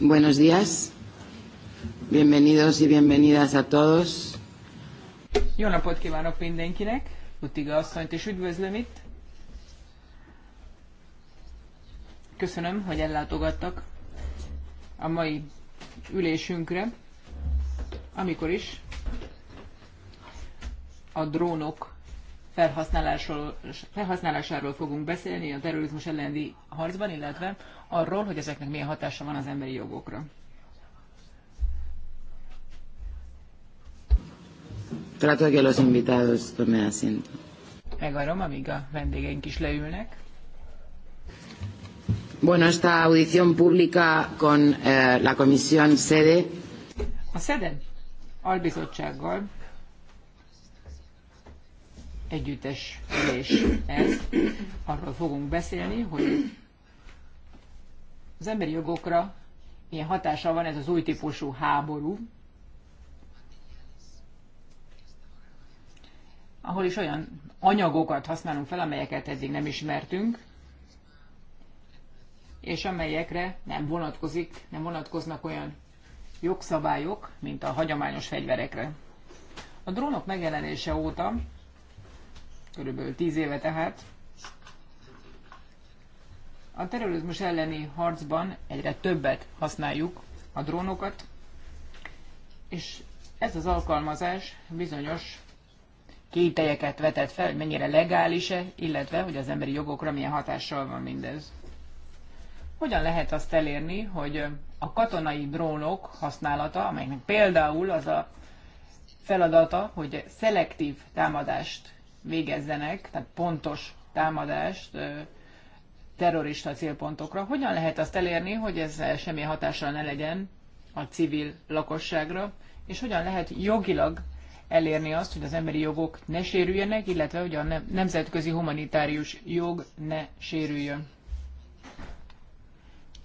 Buenos días. Bienvenidos y bienvenidas a todos. Jó napot kívánok mindenkinek. Utiga asszonyt is üdvözlöm itt. Köszönöm, hogy ellátogattak a mai ülésünkre, amikor is a drónok felhasználásról, felhasználásáról fogunk beszélni a terrorizmus elleni harcban, illetve arról, hogy ezeknek milyen hatása van az emberi jogokra. Trato que los invitados tomen asiento. Megvárom, amíg a vendégeink is leülnek. Bueno, esta audición pública con eh, la comisión sede. A SEDE albizottsággal együttes ülés ez. Arról fogunk beszélni, hogy az emberi jogokra milyen hatása van ez az új típusú háború, ahol is olyan anyagokat használunk fel, amelyeket eddig nem ismertünk, és amelyekre nem vonatkozik, nem vonatkoznak olyan jogszabályok, mint a hagyományos fegyverekre. A drónok megjelenése óta körülbelül tíz éve tehát. A terrorizmus elleni harcban egyre többet használjuk a drónokat, és ez az alkalmazás bizonyos kételyeket vetett fel, hogy mennyire legális-e, illetve hogy az emberi jogokra milyen hatással van mindez. Hogyan lehet azt elérni, hogy a katonai drónok használata, amelynek például az a feladata, hogy szelektív támadást végezzenek, tehát pontos támadást terrorista célpontokra. Hogyan lehet azt elérni, hogy ez semmi hatással ne legyen a civil lakosságra, és hogyan lehet jogilag elérni azt, hogy az emberi jogok ne sérüljenek, illetve hogy a nemzetközi humanitárius jog ne sérüljön.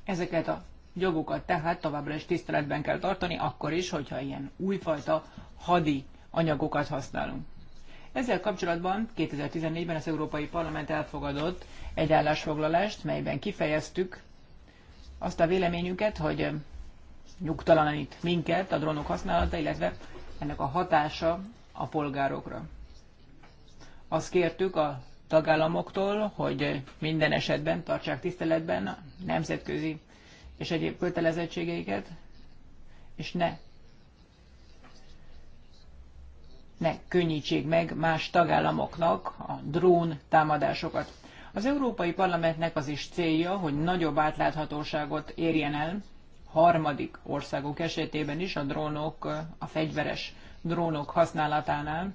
Ezeket a jogokat tehát továbbra is tiszteletben kell tartani, akkor is, hogyha ilyen újfajta hadi anyagokat használunk. Ezzel kapcsolatban 2014-ben az Európai Parlament elfogadott egy állásfoglalást, melyben kifejeztük azt a véleményünket, hogy nyugtalanít minket a drónok használata, illetve ennek a hatása a polgárokra. Azt kértük a tagállamoktól, hogy minden esetben tartsák tiszteletben a nemzetközi és egyéb kötelezettségeiket, és ne ne könnyítsék meg más tagállamoknak a drón támadásokat. Az Európai Parlamentnek az is célja, hogy nagyobb átláthatóságot érjen el harmadik országok esetében is a drónok, a fegyveres drónok használatánál,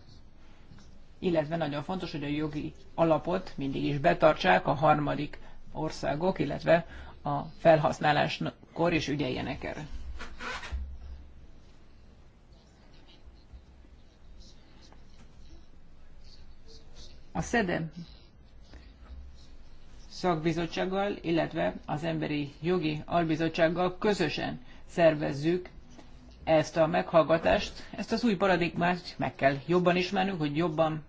illetve nagyon fontos, hogy a jogi alapot mindig is betartsák a harmadik országok, illetve a felhasználáskor is ügyeljenek erre. A SZEDE szakbizottsággal, illetve az Emberi Jogi Albizottsággal közösen szervezzük ezt a meghallgatást. Ezt az új paradigmát meg kell jobban ismernünk, hogy jobban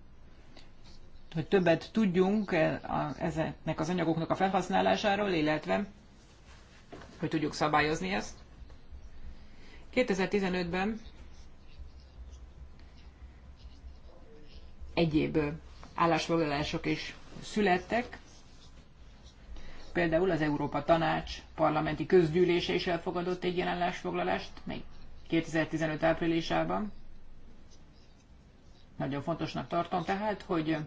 hogy többet tudjunk e, ezeknek az anyagoknak a felhasználásáról, illetve hogy tudjuk szabályozni ezt. 2015-ben egyéb állásfoglalások is születtek, például az Európa Tanács parlamenti közgyűlése is elfogadott egy ilyen állásfoglalást, még 2015 áprilisában. Nagyon fontosnak tartom tehát, hogy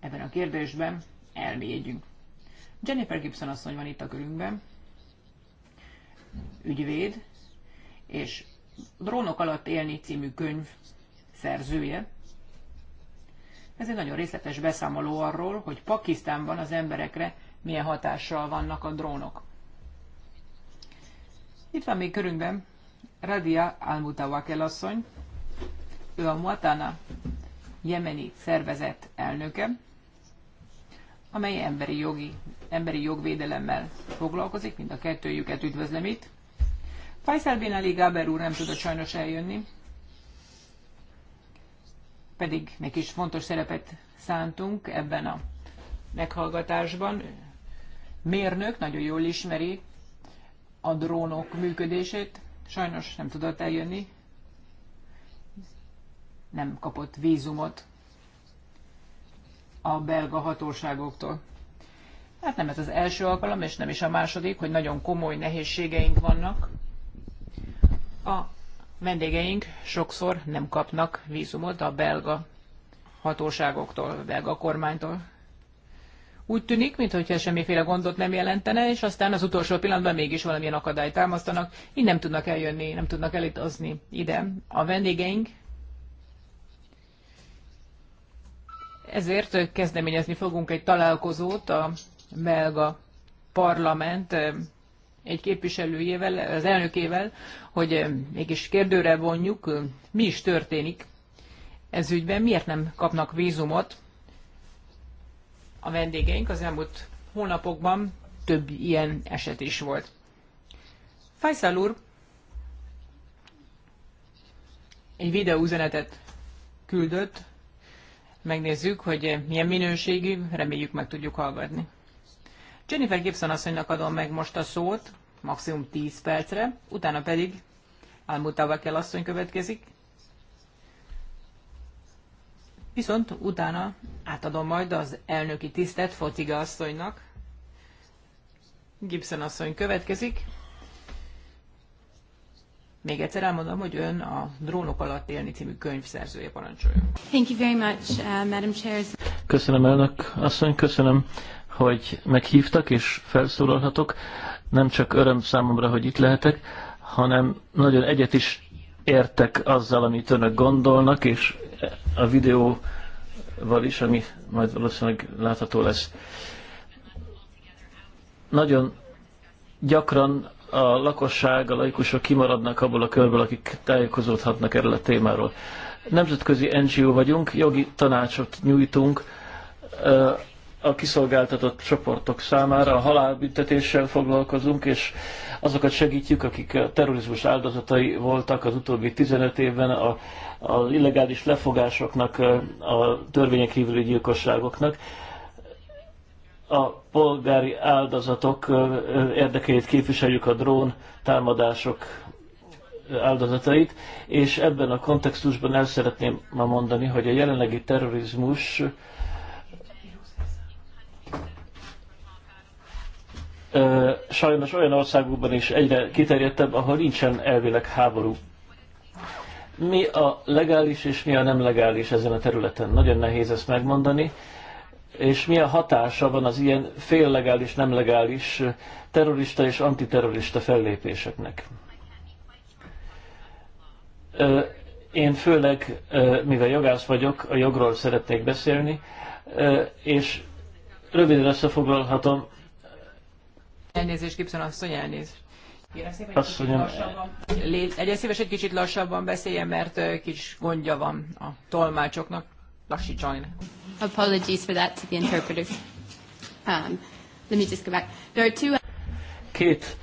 ebben a kérdésben elmélyedjünk. Jennifer Gibson asszony van itt a körünkben, ügyvéd, és Drónok alatt élni című könyv szerzője. Ez egy nagyon részletes beszámoló arról, hogy Pakisztánban az emberekre milyen hatással vannak a drónok. Itt van még körünkben Radia Almutawakel asszony, ő a Muatana jemeni szervezet elnöke, amely emberi, jogi, emberi jogvédelemmel foglalkozik, mind a kettőjüket üdvözlöm itt. Faisal Bin Ali Gaber úr nem tudott sajnos eljönni, pedig neki is fontos szerepet szántunk ebben a meghallgatásban. Mérnök nagyon jól ismeri a drónok működését, sajnos nem tudott eljönni, nem kapott vízumot a belga hatóságoktól. Hát nem ez az első alkalom, és nem is a második, hogy nagyon komoly nehézségeink vannak a vendégeink sokszor nem kapnak vízumot a belga hatóságoktól, a belga kormánytól. Úgy tűnik, mintha semmiféle gondot nem jelentene, és aztán az utolsó pillanatban mégis valamilyen akadályt támasztanak, így nem tudnak eljönni, nem tudnak elitozni ide. A vendégeink ezért kezdeményezni fogunk egy találkozót a belga parlament egy képviselőjével, az elnökével, hogy eh, mégis kérdőre vonjuk, eh, mi is történik ez ügyben, miért nem kapnak vízumot a vendégeink. Az elmúlt hónapokban több ilyen eset is volt. Fajszal úr egy videóüzenetet küldött, megnézzük, hogy eh, milyen minőségű, reméljük meg tudjuk hallgatni. Jennifer Gibson asszonynak adom meg most a szót, maximum 10 percre, utána pedig kell asszony következik. Viszont utána átadom majd az elnöki tisztet Fotiga asszonynak. Gibson asszony következik. Még egyszer elmondom, hogy ön a Drónok alatt élni című könyv szerzője parancsolja. Thank you very much, uh, Madam Chair. Köszönöm elnök asszony, köszönöm, hogy meghívtak és felszólalhatok nem csak öröm számomra, hogy itt lehetek, hanem nagyon egyet is értek azzal, amit önök gondolnak, és a videóval is, ami majd valószínűleg látható lesz. Nagyon gyakran a lakosság, a laikusok kimaradnak abból a körből, akik tájékozódhatnak erről a témáról. Nemzetközi NGO vagyunk, jogi tanácsot nyújtunk, a kiszolgáltatott csoportok számára. A halálbüntetéssel foglalkozunk, és azokat segítjük, akik a terrorizmus áldozatai voltak az utóbbi 15 évben a, a illegális lefogásoknak, a törvények kívüli gyilkosságoknak. A polgári áldozatok érdekeit képviseljük a drón támadások áldozatait, és ebben a kontextusban el szeretném ma mondani, hogy a jelenlegi terrorizmus sajnos olyan országokban is egyre kiterjedtebb, ahol nincsen elvileg háború. Mi a legális és mi a nem legális ezen a területen? Nagyon nehéz ezt megmondani. És mi a hatása van az ilyen féllegális, nem legális terrorista és antiterrorista fellépéseknek? Én főleg, mivel jogász vagyok, a jogról szeretnék beszélni, és röviden összefoglalhatom Elnézést, Gibson asszony, elnézést. Asszonyom. Legyen szíves, egy kicsit lassabban beszéljen, mert kis gondja van a tolmácsoknak. Lassítson le. Apologies for that to the interpreters. Um, let me just go back. There are two... Két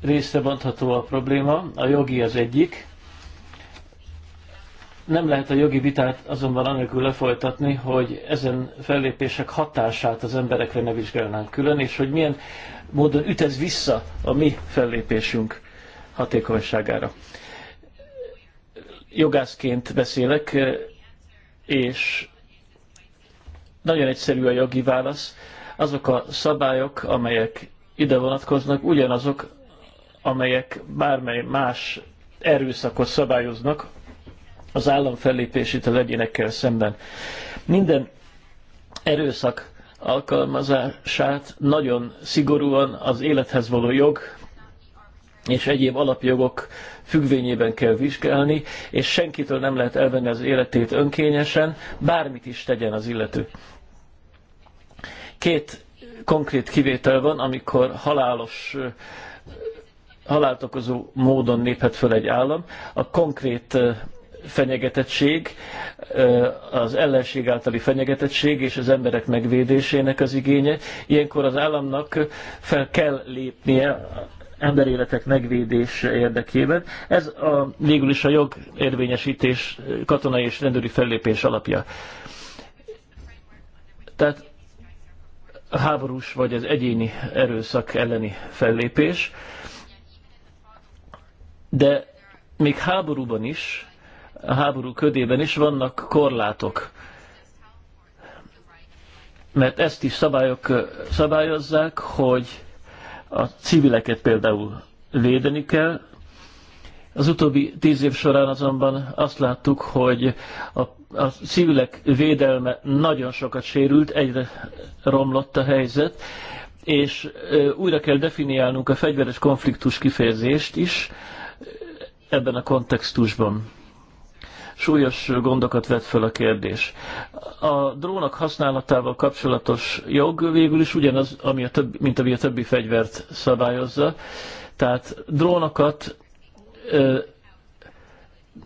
részre bontható a probléma. A jogi az egyik, nem lehet a jogi vitát azonban anélkül lefolytatni, hogy ezen fellépések hatását az emberekre ne vizsgálnánk külön, és hogy milyen módon ütez vissza a mi fellépésünk hatékonyságára. Jogászként beszélek, és nagyon egyszerű a jogi válasz. Azok a szabályok, amelyek ide vonatkoznak, ugyanazok, amelyek bármely más erőszakot szabályoznak, az állam fellépését a legyenekkel szemben. Minden erőszak alkalmazását nagyon szigorúan az élethez való jog és egyéb alapjogok függvényében kell vizsgálni, és senkitől nem lehet elvenni az életét önkényesen, bármit is tegyen az illető. Két konkrét kivétel van, amikor halálos halált okozó módon néphet föl egy állam. A konkrét fenyegetettség, az ellenség általi fenyegetettség és az emberek megvédésének az igénye. Ilyenkor az államnak fel kell lépnie emberéletek megvédése érdekében. Ez a, végül is a jog katonai és rendőri fellépés alapja. Tehát a háborús vagy az egyéni erőszak elleni fellépés, de még háborúban is a háború ködében is vannak korlátok. Mert ezt is szabályok szabályozzák, hogy a civileket például védeni kell. Az utóbbi tíz év során azonban azt láttuk, hogy a, a civilek védelme nagyon sokat sérült, egyre romlott a helyzet, és újra kell definiálnunk a fegyveres konfliktus kifejezést is ebben a kontextusban súlyos gondokat vet fel a kérdés. A drónok használatával kapcsolatos jog végül is ugyanaz, ami a többi, mint ami a többi fegyvert szabályozza. Tehát drónokat ö,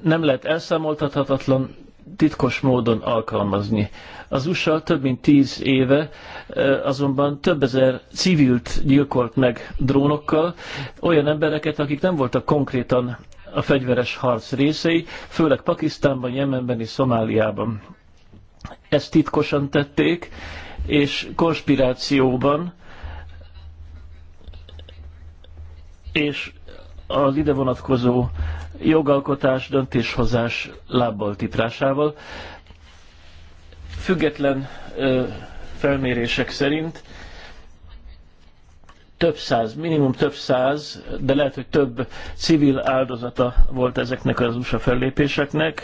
nem lehet elszámoltathatatlan titkos módon alkalmazni. Az USA több mint tíz éve azonban több ezer civilt gyilkolt meg drónokkal, olyan embereket, akik nem voltak konkrétan a fegyveres harc részei, főleg Pakisztánban, Jemenben és Szomáliában. Ezt titkosan tették, és konspirációban, és az ide vonatkozó jogalkotás, döntéshozás lábbal tiprásával. Független ö, felmérések szerint több száz, minimum több száz, de lehet, hogy több civil áldozata volt ezeknek az USA fellépéseknek.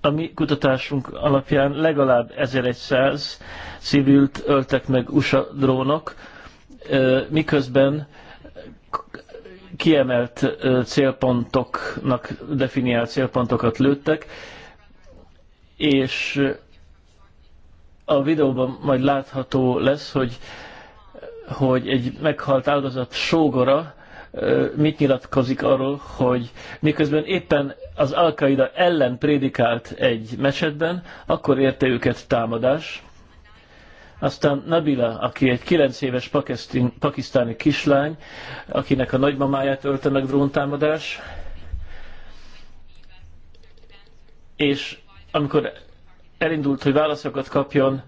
A mi kutatásunk alapján legalább 1100 civilt öltek meg USA drónok, miközben kiemelt célpontoknak definiált célpontokat lőttek, és a videóban majd látható lesz, hogy, hogy egy meghalt áldozat sógora mit nyilatkozik arról, hogy miközben éppen az al ellen prédikált egy mesetben, akkor érte őket támadás. Aztán Nabila, aki egy 9 éves pakisztáni kislány, akinek a nagymamáját ölte meg dróntámadás, és amikor elindult, hogy válaszokat kapjon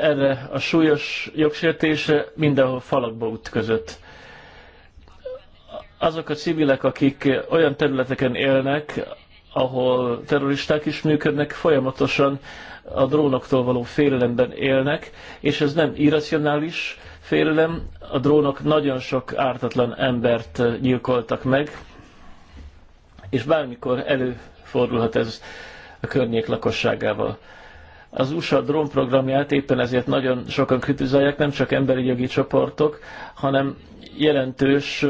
erre a súlyos jogsértésre, mindenhol falakba ütközött. Azok a civilek, akik olyan területeken élnek, ahol terroristák is működnek, folyamatosan a drónoktól való félelemben élnek, és ez nem irracionális félelem. A drónok nagyon sok ártatlan embert gyilkoltak meg, és bármikor előfordulhat ez a környék lakosságával. Az USA drónprogramját éppen ezért nagyon sokan kritizálják, nem csak emberi jogi csoportok, hanem jelentős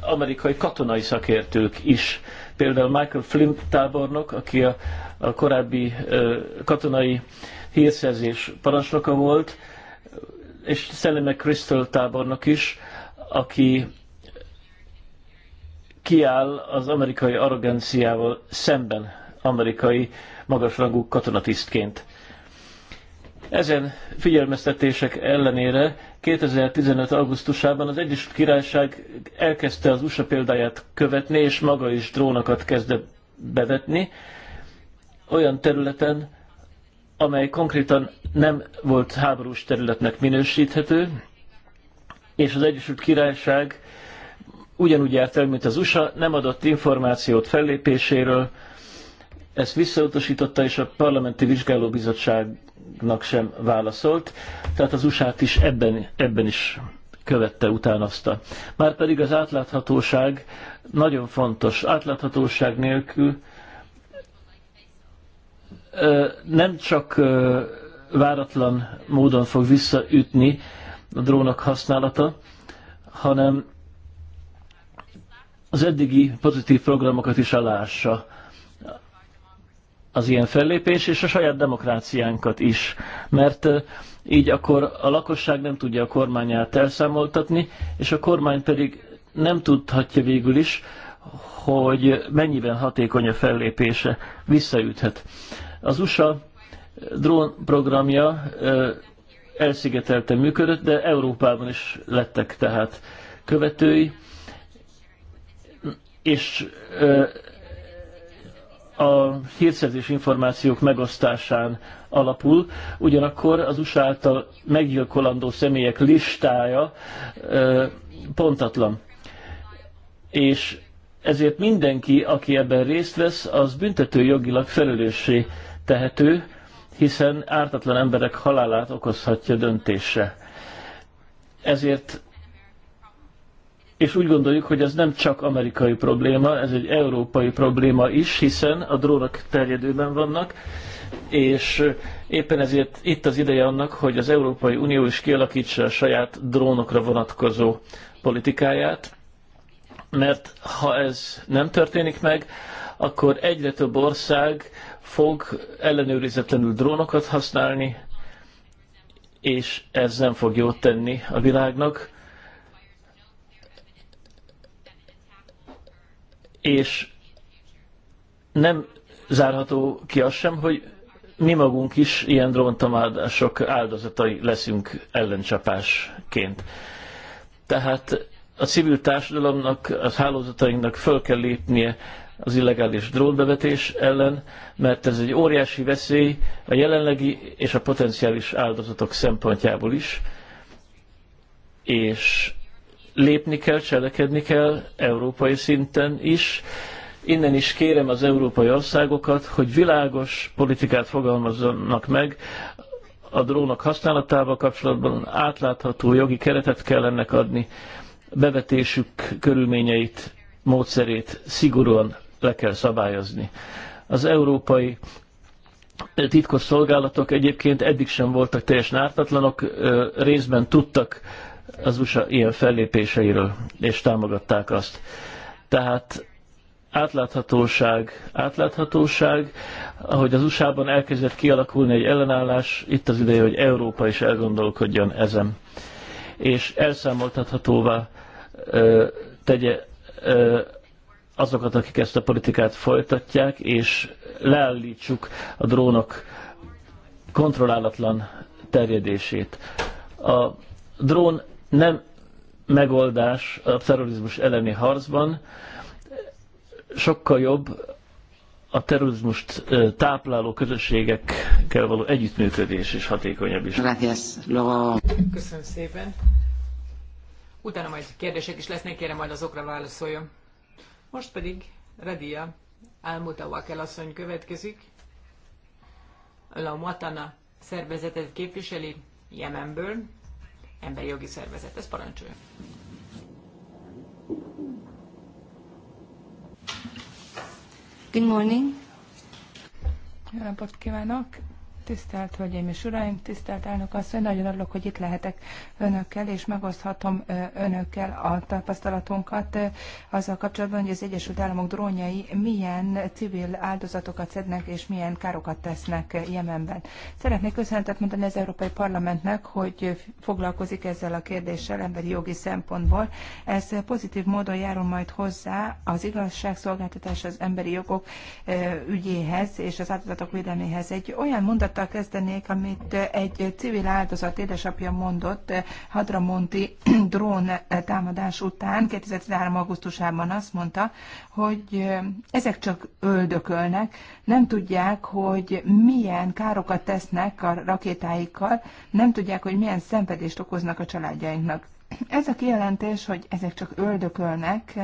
amerikai katonai szakértők is. Például Michael Flint tábornok, aki a, a korábbi ö, katonai hírszerzés parancsnoka volt, és Sally McChrystal tábornok is, aki kiáll az amerikai arroganciával szemben amerikai magasrangú katonatisztként. Ezen figyelmeztetések ellenére 2015. augusztusában az Egyesült Királyság elkezdte az USA példáját követni, és maga is drónokat kezdett bevetni olyan területen, amely konkrétan nem volt háborús területnek minősíthető, és az Egyesült Királyság ugyanúgy járt el, mint az USA, nem adott információt fellépéséről, ezt visszautasította, és a parlamenti vizsgálóbizottságnak sem válaszolt, tehát az USA-t is ebben, ebben is követte utánozta. Márpedig az átláthatóság nagyon fontos. Átláthatóság nélkül nem csak váratlan módon fog visszaütni a drónok használata, hanem az eddigi pozitív programokat is aláássa az ilyen fellépés, és a saját demokráciánkat is, mert így akkor a lakosság nem tudja a kormányát elszámoltatni, és a kormány pedig nem tudhatja végül is, hogy mennyiben hatékony a fellépése, visszaüthet. Az USA drónprogramja elszigetelte működött, de Európában is lettek tehát követői, és a hírszerzés információk megosztásán alapul, ugyanakkor az USA által meggyilkolandó személyek listája pontatlan. És ezért mindenki, aki ebben részt vesz, az büntető jogilag felelőssé tehető, hiszen ártatlan emberek halálát okozhatja döntése. Ezért és úgy gondoljuk, hogy ez nem csak amerikai probléma, ez egy európai probléma is, hiszen a drónok terjedőben vannak, és éppen ezért itt az ideje annak, hogy az Európai Unió is kialakítsa a saját drónokra vonatkozó politikáját, mert ha ez nem történik meg, akkor egyre több ország fog ellenőrizetlenül drónokat használni, és ez nem fog jót tenni a világnak és nem zárható ki az sem, hogy mi magunk is ilyen dróntamáldások áldozatai leszünk ellencsapásként. Tehát a civil társadalomnak, a hálózatainknak föl kell lépnie az illegális drónbevetés ellen, mert ez egy óriási veszély a jelenlegi és a potenciális áldozatok szempontjából is, és lépni kell, cselekedni kell európai szinten is. Innen is kérem az európai országokat, hogy világos politikát fogalmazzanak meg a drónok használatával kapcsolatban, átlátható jogi keretet kell ennek adni, bevetésük körülményeit, módszerét szigorúan le kell szabályozni. Az európai titkos szolgálatok egyébként eddig sem voltak teljesen ártatlanok, részben tudtak az USA ilyen fellépéseiről, és támogatták azt. Tehát átláthatóság, átláthatóság, ahogy az USA-ban elkezdett kialakulni egy ellenállás, itt az ideje, hogy Európa is elgondolkodjon ezen. És elszámoltathatóvá ö, tegye ö, azokat, akik ezt a politikát folytatják, és leállítsuk a drónok kontrollálatlan terjedését. A drón nem megoldás a terrorizmus elleni harcban, sokkal jobb a terrorizmust tápláló közösségekkel való együttműködés is hatékonyabb is. Köszönöm szépen. Utána majd kérdések is lesznek, kérem majd azokra válaszoljon. Most pedig Radia Álmutavakel asszony következik. A Matana szervezetet képviseli Jemenből, emberi jogi szervezet. Ez parancsolja. Good morning. Jó napot kívánok! Tisztelt Hölgyeim és Uraim, tisztelt elnök asszony, nagyon örülök, hogy itt lehetek önökkel, és megoszthatom önökkel a tapasztalatunkat azzal kapcsolatban, hogy az Egyesült Államok drónjai milyen civil áldozatokat szednek, és milyen károkat tesznek Jemenben. Szeretnék köszönetet mondani az Európai Parlamentnek, hogy foglalkozik ezzel a kérdéssel emberi jogi szempontból. Ez pozitív módon járul majd hozzá az igazságszolgáltatás az emberi jogok ügyéhez és az áldozatok védelméhez. Egy olyan mondat mondattal kezdenék, amit egy civil áldozat édesapja mondott Hadramonti drón támadás után, 2013. augusztusában azt mondta, hogy ezek csak öldökölnek, nem tudják, hogy milyen károkat tesznek a rakétáikkal, nem tudják, hogy milyen szenvedést okoznak a családjainknak. Ez a kijelentés, hogy ezek csak öldökölnek,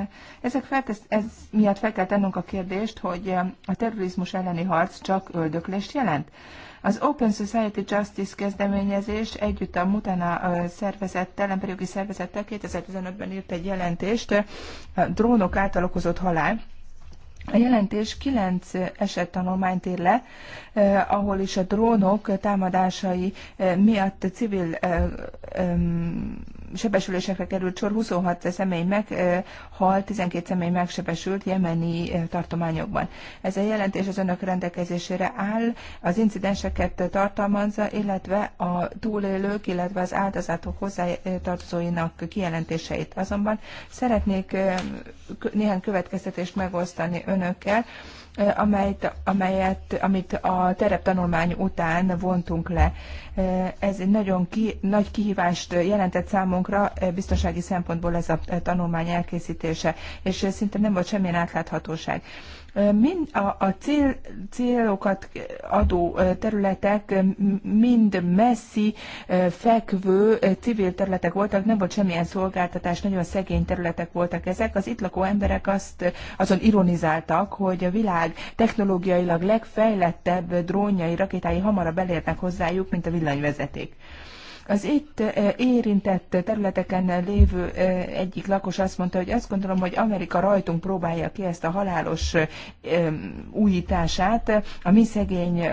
ezek feltesz, ez miatt fel kell tennünk a kérdést, hogy a terrorizmus elleni harc csak öldöklést jelent. Az Open Society Justice kezdeményezés együtt a Mutana szervezettel, jogi szervezettel 2015-ben írt egy jelentést a drónok által okozott halál a jelentés kilenc esettanulmányt ír le, eh, ahol is a drónok támadásai eh, miatt civil eh, eh, sebesülésekre került sor, 26 személy meghalt, eh, 12 személy megsebesült jemeni eh, tartományokban. Ez a jelentés az önök rendelkezésére áll, az incidenseket tartalmazza, illetve a túlélők, illetve az áldozatok hozzátartozóinak kijelentéseit. Azonban szeretnék eh, néhány következtetést megosztani önökkel, amelyet, amelyet, amit a tereptanulmány után vontunk le. Ez egy nagyon ki, nagy kihívást jelentett számunkra biztonsági szempontból ez a tanulmány elkészítése, és szinte nem volt semmilyen átláthatóság. Mind a, a cél, célokat adó területek mind messzi, fekvő civil területek voltak, nem volt semmilyen szolgáltatás, nagyon szegény területek voltak ezek. Az itt lakó emberek azt azon ironizáltak, hogy a világ technológiailag legfejlettebb drónjai, rakétái hamarabb elérnek hozzájuk, mint a villanyvezeték. Az itt eh, érintett területeken lévő eh, egyik lakos azt mondta, hogy azt gondolom, hogy Amerika rajtunk próbálja ki ezt a halálos eh, újítását a mi szegény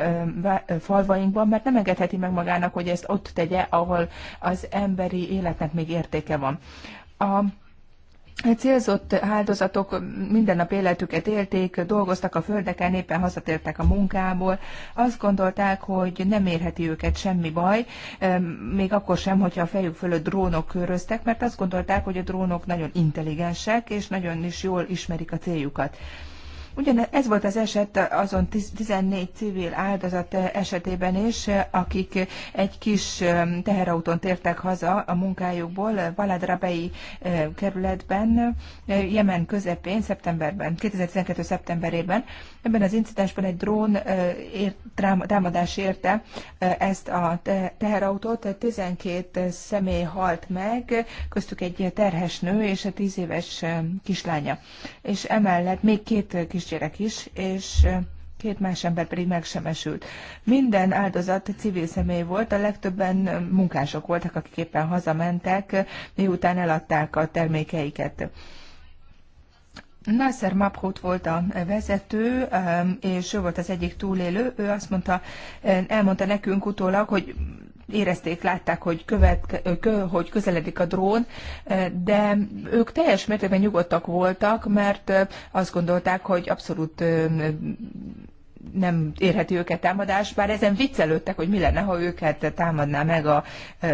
falvainkban, mert nem engedheti meg magának, hogy ezt ott tegye, ahol az emberi életnek még értéke van. A Célzott áldozatok minden nap életüket élték, dolgoztak a földeken, éppen hazatértek a munkából. Azt gondolták, hogy nem érheti őket semmi baj, még akkor sem, hogyha a fejük fölött drónok köröztek, mert azt gondolták, hogy a drónok nagyon intelligensek, és nagyon is jól ismerik a céljukat. Ugyan ez volt az eset azon 14 civil áldozat esetében is, akik egy kis teherautón tértek haza a munkájukból Valadrabei kerületben, Jemen közepén, szeptemberben, 2012. szeptemberében. Ebben az incidensben egy drón támadás érte ezt a teherautót, 12 személy halt meg, köztük egy terhes nő és a 10 éves kislánya. És emellett még két kis kisgyerek is, és két más ember pedig megsemesült. Minden áldozat civil személy volt, a legtöbben munkások voltak, akik éppen hazamentek, miután eladták a termékeiket. Nasser Mabhut volt a vezető, és ő volt az egyik túlélő. Ő azt mondta, elmondta nekünk utólag, hogy érezték, látták, hogy, követ, hogy közeledik a drón, de ők teljes mértékben nyugodtak voltak, mert azt gondolták, hogy abszolút nem érheti őket támadás, bár ezen viccelődtek, hogy mi lenne, ha őket támadná meg a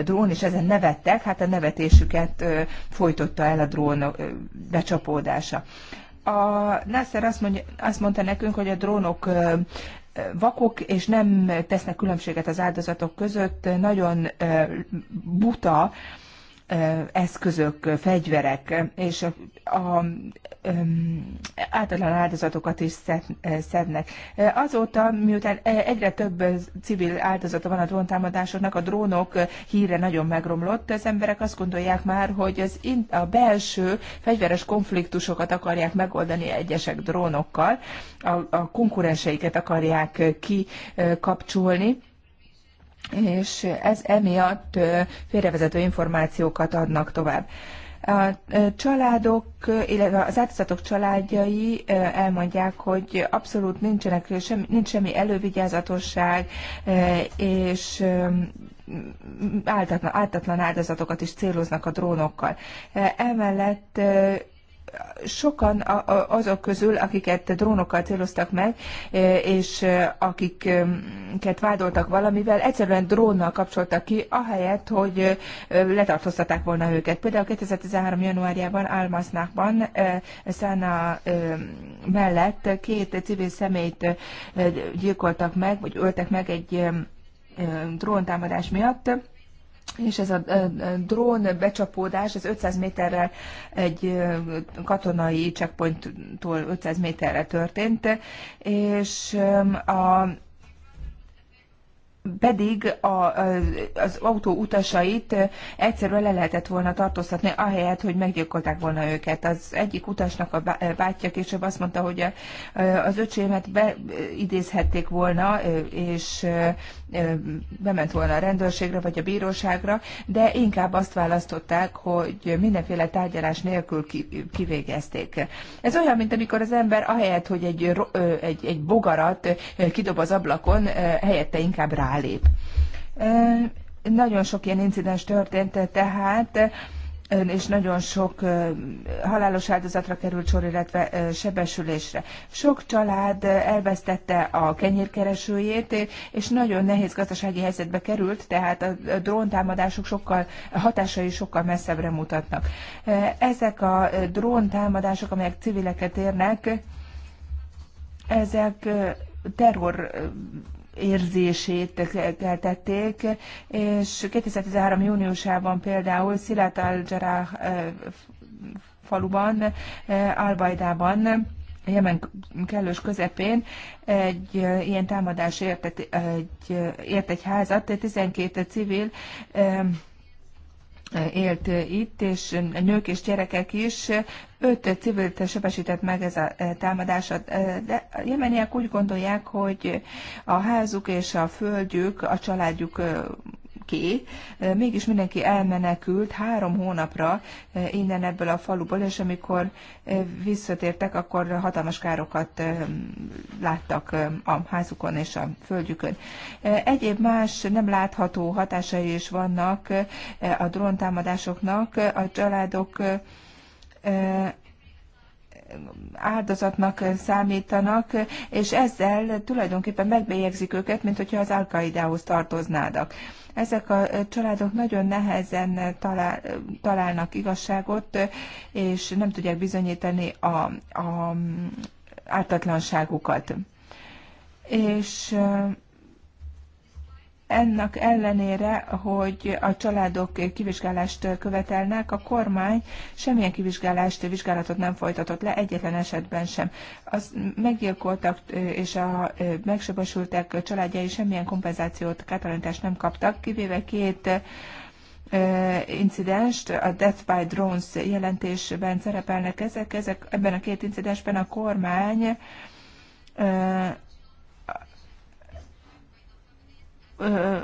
drón, és ezen nevettek, hát a nevetésüket folytotta el a drón becsapódása. A Nasser azt, mondja, azt mondta nekünk, hogy a drónok vakok, és nem tesznek különbséget az áldozatok között, nagyon buta eszközök, fegyverek, és a, a, általán áldozatokat is szednek. Azóta, miután e, egyre több civil áldozata van a dróntámadásoknak, a drónok híre nagyon megromlott, az emberek azt gondolják már, hogy az in, a belső fegyveres konfliktusokat akarják megoldani egyesek drónokkal, a, a konkurenseiket akarják kikapcsolni, és ez emiatt félrevezető információkat adnak tovább. A családok, illetve az áldozatok családjai elmondják, hogy abszolút nincsenek, sem, nincs semmi elővigyázatosság, és áltatlan áldozatokat is céloznak a drónokkal. Emellett sokan azok közül, akiket drónokkal céloztak meg, e, és e, akiket vádoltak valamivel, egyszerűen drónnal kapcsoltak ki, ahelyett, hogy e, letartóztatták volna őket. Például 2013. januárjában Almasnákban Szána mellett két civil személyt gyilkoltak meg, vagy öltek meg egy dróntámadás miatt és ez a drón becsapódás, ez 500 méterrel egy katonai checkpointtól 500 méterre történt, és a pedig a, az autó utasait egyszerűen le lehetett volna tartóztatni, ahelyett, hogy meggyilkolták volna őket. Az egyik utasnak a bátyja később azt mondta, hogy az öcsémet beidézhették volna, és bement volna a rendőrségre vagy a bíróságra, de inkább azt választották, hogy mindenféle tárgyalás nélkül kivégezték. Ez olyan, mint amikor az ember ahelyett, hogy egy, egy, egy bogarat kidob az ablakon, helyette inkább rálép. Nagyon sok ilyen incidens történt, tehát és nagyon sok halálos áldozatra került sor, illetve sebesülésre. Sok család elvesztette a kenyérkeresőjét, és nagyon nehéz gazdasági helyzetbe került, tehát a dróntámadások sokkal, hatásai sokkal messzebbre mutatnak. Ezek a dróntámadások, amelyek civileket érnek, ezek terror érzését keltették, és 2013. júniusában például Szilát al faluban, Albajdában, Jemen kellős közepén egy ilyen támadás ért egy, ért egy házat, 12 civil élt itt, és nők és gyerekek is. Öt civilt sebesített meg ez a e, támadás. E, de a jemeniek úgy gondolják, hogy a házuk és a földjük a családjuk e, ki, mégis mindenki elmenekült három hónapra innen ebből a faluból, és amikor visszatértek, akkor hatalmas károkat láttak a házukon és a földjükön. Egyéb más nem látható hatásai is vannak a dróntámadásoknak, a családok áldozatnak számítanak, és ezzel tulajdonképpen megbélyegzik őket, mint hogyha az al tartoznádak. Ezek a családok nagyon nehezen talál, találnak igazságot, és nem tudják bizonyítani a, a ártatlanságukat. És ennek ellenére, hogy a családok kivizsgálást követelnek, a kormány semmilyen kivizsgálást, vizsgálatot nem folytatott le, egyetlen esetben sem. Az meggyilkoltak és a megsebesültek családjai semmilyen kompenzációt, kátalanítást nem kaptak, kivéve két incidenst, a Death by Drones jelentésben szerepelnek ezek. ezek ebben a két incidensben a kormány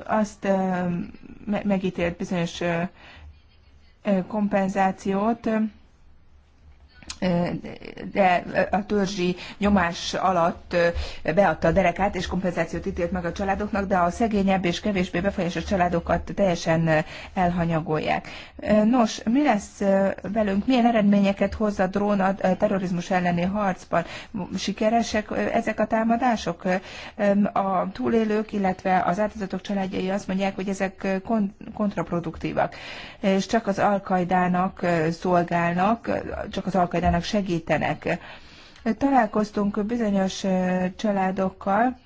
azt megítélt bizonyos kompenzációt, de a törzsi nyomás alatt beadta a derekát, és kompenzációt ítélt meg a családoknak, de a szegényebb és kevésbé befolyásos családokat teljesen elhanyagolják. Nos, mi lesz velünk, milyen eredményeket hoz a drón a terrorizmus elleni harcban? Sikeresek ezek a támadások? A túlélők, illetve az áldozatok családjai azt mondják, hogy ezek kontraproduktívak, és csak az alkaidának szolgálnak, csak az alkaidának családjának segítenek. Találkoztunk bizonyos családokkal,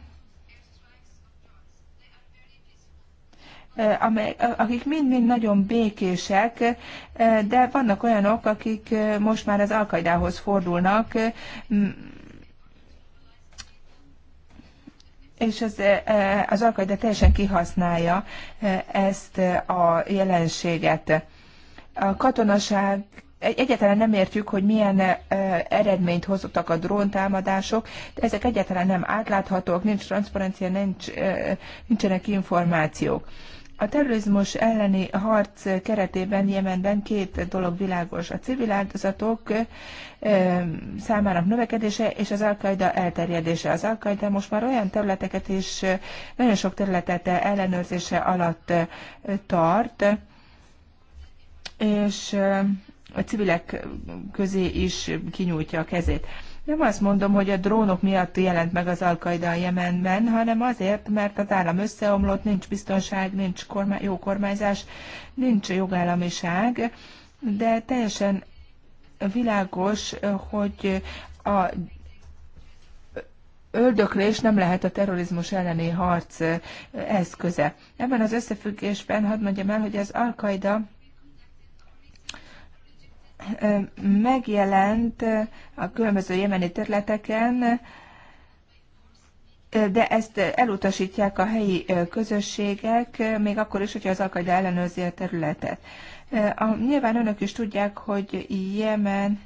amely, akik mind-mind nagyon békések, de vannak olyanok, akik most már az alkaidához fordulnak, és az, az alkaida teljesen kihasználja ezt a jelenséget. A katonaság egyáltalán nem értjük, hogy milyen eredményt hozottak a dróntámadások, de ezek egyáltalán nem átláthatók, nincs transzparencia, nincs, nincsenek információk. A terrorizmus elleni harc keretében Jemenben két dolog világos. A civil áldozatok számának növekedése és az alkaida elterjedése. Az alkaida most már olyan területeket is, nagyon sok területet ellenőrzése alatt tart, és a civilek közé is kinyújtja a kezét. Nem azt mondom, hogy a drónok miatt jelent meg az Alkaida a Jemenben, hanem azért, mert az állam összeomlott, nincs biztonság, nincs kormány, jó kormányzás, nincs jogállamiság, de teljesen világos, hogy a öldöklés nem lehet a terrorizmus elleni harc eh, eszköze. Ebben az összefüggésben hadd mondjam el, hogy az Al-Qaida megjelent a különböző jemeni területeken, de ezt elutasítják a helyi közösségek, még akkor is, hogyha az Alkaida ellenőrzi a területet. nyilván önök is tudják, hogy Jemen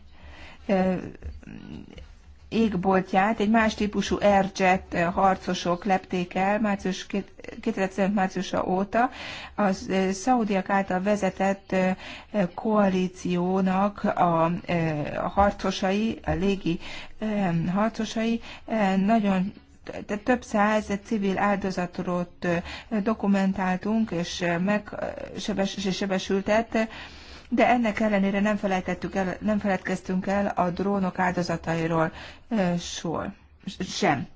égboltját egy más típusú Airjet harcosok lepték el március 2015 márciusa óta az szaudiak által vezetett koalíciónak a harcosai, a légi harcosai nagyon de több száz civil áldozatot dokumentáltunk, és megsebes, és de ennek ellenére nem, felejtettük el, nem feledkeztünk el a drónok áldozatairól sor, sem.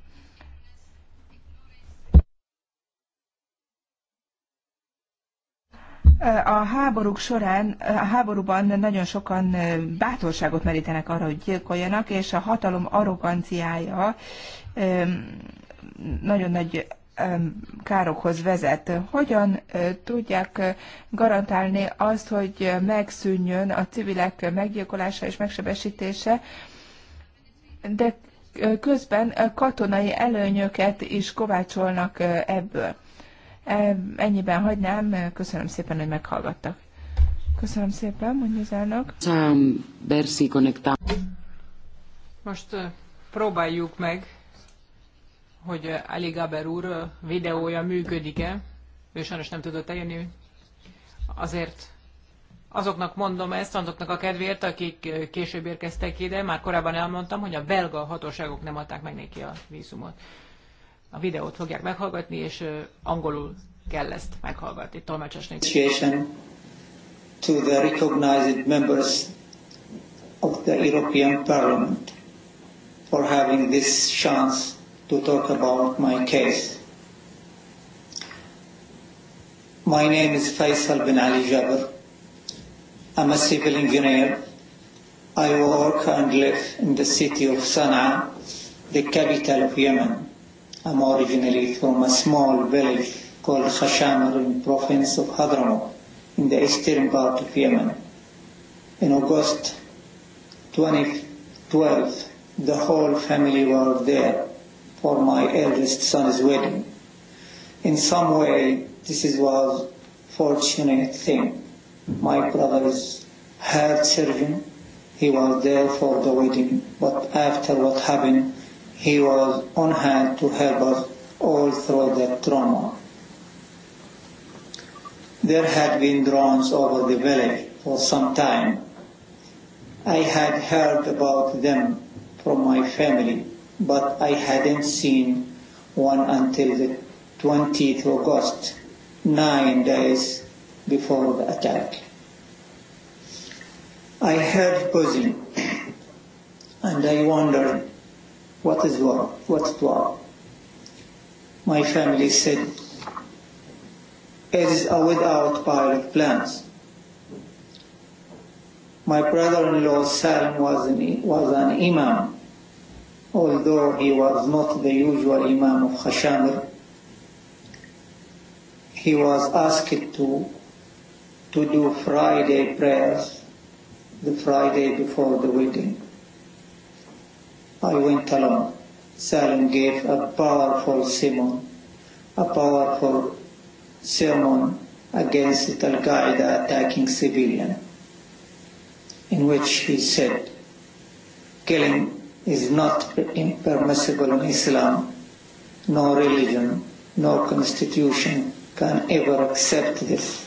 A háborúk során, a háborúban nagyon sokan bátorságot merítenek arra, hogy gyilkoljanak, és a hatalom arroganciája nagyon nagy károkhoz vezet. Hogyan tudják garantálni azt, hogy megszűnjön a civilek meggyilkolása és megsebesítése, de közben katonai előnyöket is kovácsolnak ebből. E, ennyiben hagynám, köszönöm szépen, hogy meghallgattak. Köszönöm szépen, mondja az elnök. Most próbáljuk meg hogy Ali Gaber úr videója működik-e. Ő sajnos nem tudott eljönni. Azért azoknak mondom ezt, azoknak a kedvéért, akik később érkeztek ide, már korábban elmondtam, hogy a belga hatóságok nem adták meg neki a vízumot. A videót fogják meghallgatni, és angolul kell ezt meghallgatni, tolmácsos to the recognized members of the European Parliament for having this chance to talk about my case. My name is Faisal bin Ali Jabr. I'm a civil engineer. I work and live in the city of Sana'a, the capital of Yemen. I'm originally from a small village called Khashamar in province of Hadramaut in the eastern part of Yemen. In August 2012, the whole family were there for my eldest son's wedding. In some way, this is was fortunate thing. My brothers hard serving. He was there for the wedding, but after what happened, he was on hand to help us all through the trauma. There had been drones over the village for some time. I had heard about them from my family but I hadn't seen one until the 20th August, nine days before the attack. I heard buzzing and I wondered what is wrong, what's wrong. My family said, it is a without pilot plans. My brother-in-law Salim was an, was an imam although he was not the usual Imam of Hashamir, he was asked to, to do Friday prayers the Friday before the wedding. I went along. Salim gave a powerful sermon, a powerful sermon against Al Qaeda attacking civilians, in which he said, killing is not permissible in Islam. No religion, no constitution can ever accept this.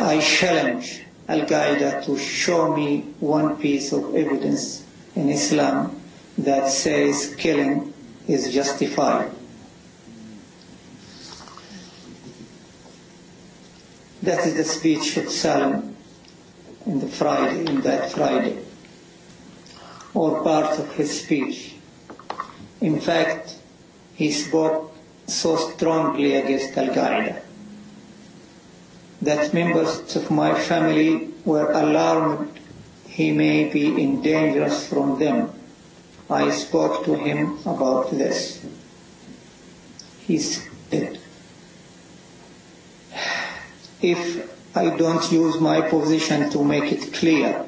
I challenge Al-Qaeda to show me one piece of evidence in Islam that says killing is justified. That is the speech of Salam in the Friday, in that Friday. Or parts of his speech. In fact, he spoke so strongly against Al Qaeda that members of my family were alarmed he may be in danger from them. I spoke to him about this. He said, if I don't use my position to make it clear,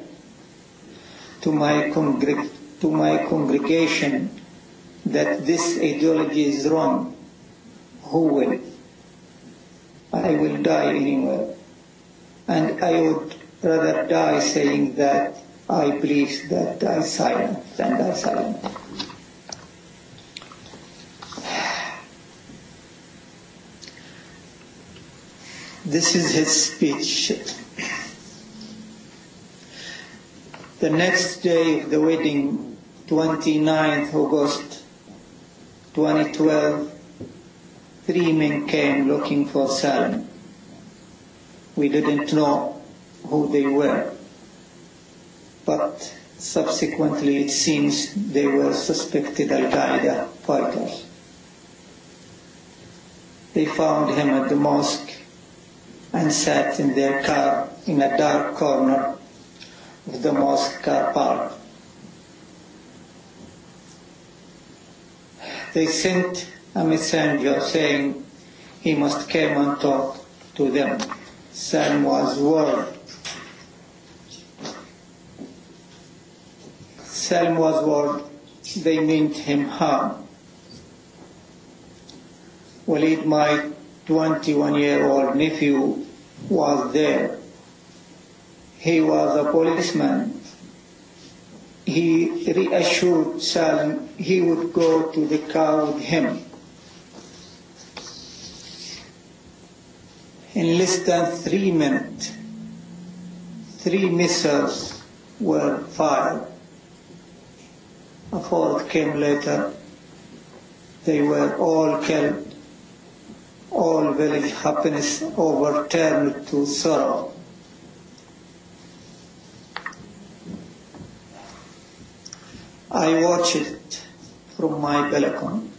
to my, congre to my congregation that this ideology is wrong, who will? I will die anywhere. And I would rather die saying that I believe that I silent than I silent. This is his speech The next day of the wedding, 29th August 2012, three men came looking for Salim. We didn't know who they were, but subsequently it seems they were suspected Al-Qaeda fighters. They found him at the mosque and sat in their car in a dark corner of the mosque car park. They sent a messenger saying he must come and talk to them. Sam was worried. Sam was worried they meant him harm. Walid, my 21 year old nephew, was there He was a policeman. He reassured Salim he would go to the car with him. In less than three minutes, three missiles were fired. A fourth came later. They were all killed. All village happiness overturned to sorrow. I watched it from my balcony.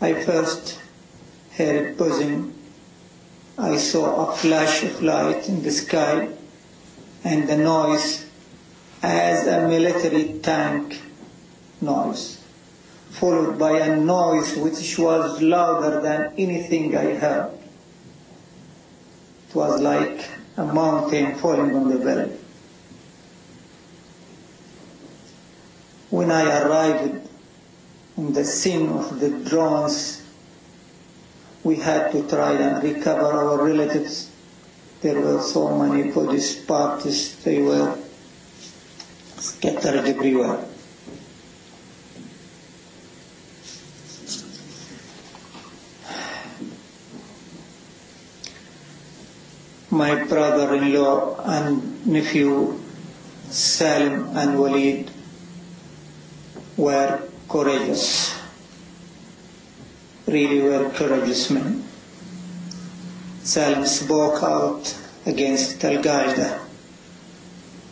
I first heard it buzzing. I saw a flash of light in the sky and the noise as a military tank noise, followed by a noise which was louder than anything I heard. It was like a mountain falling on the valley. When I arrived in the scene of the drones, we had to try and recover our relatives. There were so many bodies, parties, they were scattered everywhere. my brother-in-law and nephew Salim and Walid were courageous, really were courageous men. Salim spoke out against Al Qaeda.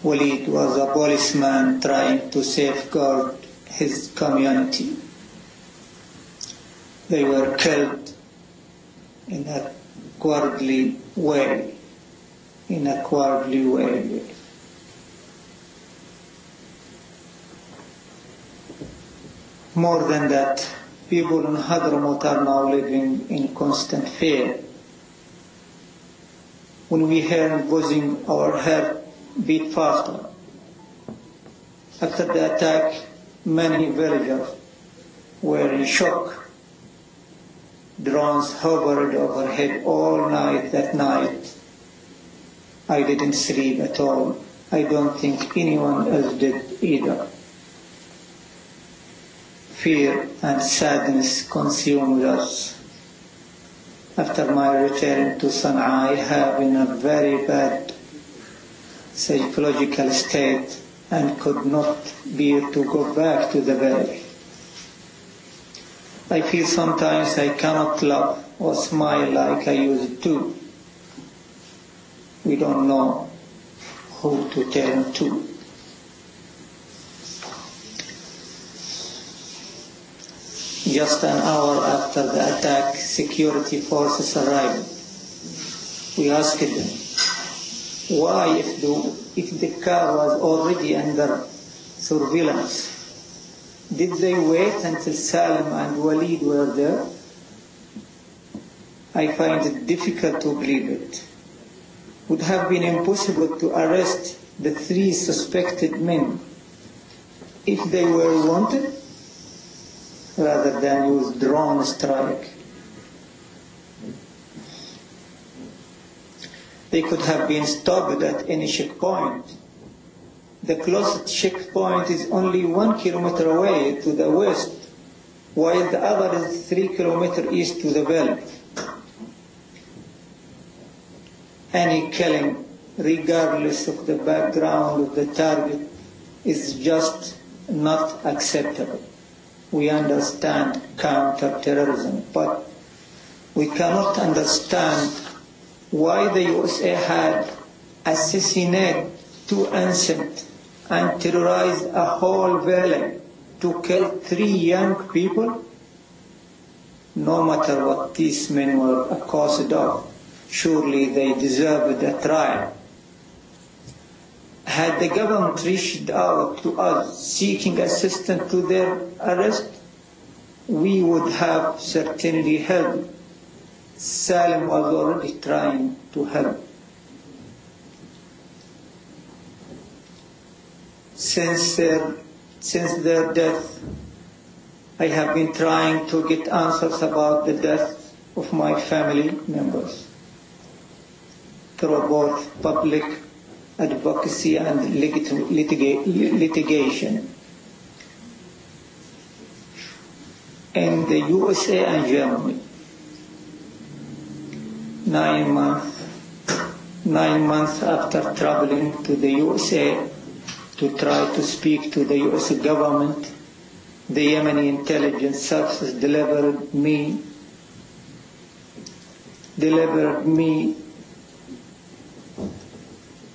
Walid was a policeman trying to safeguard his community. They were killed in a cowardly way, in a cowardly way. More than that, people in Hadramaut are now living in constant fear. When we heard buzzing, our heart beat faster. After the attack, many villagers were in shock. Drones hovered overhead all night that night. I didn't sleep at all. I don't think anyone else did either fear and sadness consumed us. After my return to Sana'a, I have been in a very bad psychological state and could not bear to go back to the valley. I feel sometimes I cannot laugh or smile like I used to. We don't know who to turn to. Just an hour after the attack, security forces arrived. We asked them, why if the, if the car was already under surveillance? Did they wait until Salim and Walid were there? I find it difficult to believe it. Would have been impossible to arrest the three suspected men if they were wanted rather than use drone strike. They could have been stopped at any checkpoint. The closest checkpoint is only one kilometer away to the west, while the other is three kilometers east to the belt. Any killing, regardless of the background of the target, is just not acceptable we understand counterterrorism, but we cannot understand why the USA had assassinated two innocent and terrorized a whole valley to kill three young people, no matter what these men were accused of. Surely they deserved a trial Had the government reached out to us seeking assistance to their arrest, we would have certainly helped. Salim was already trying to help. Since their, since their death, I have been trying to get answers about the death of my family members through both public advocacy and litiga litigation. In the USA and Germany, nine months, nine months after traveling to the USA to try to speak to the US government, the Yemeni intelligence services delivered me, delivered me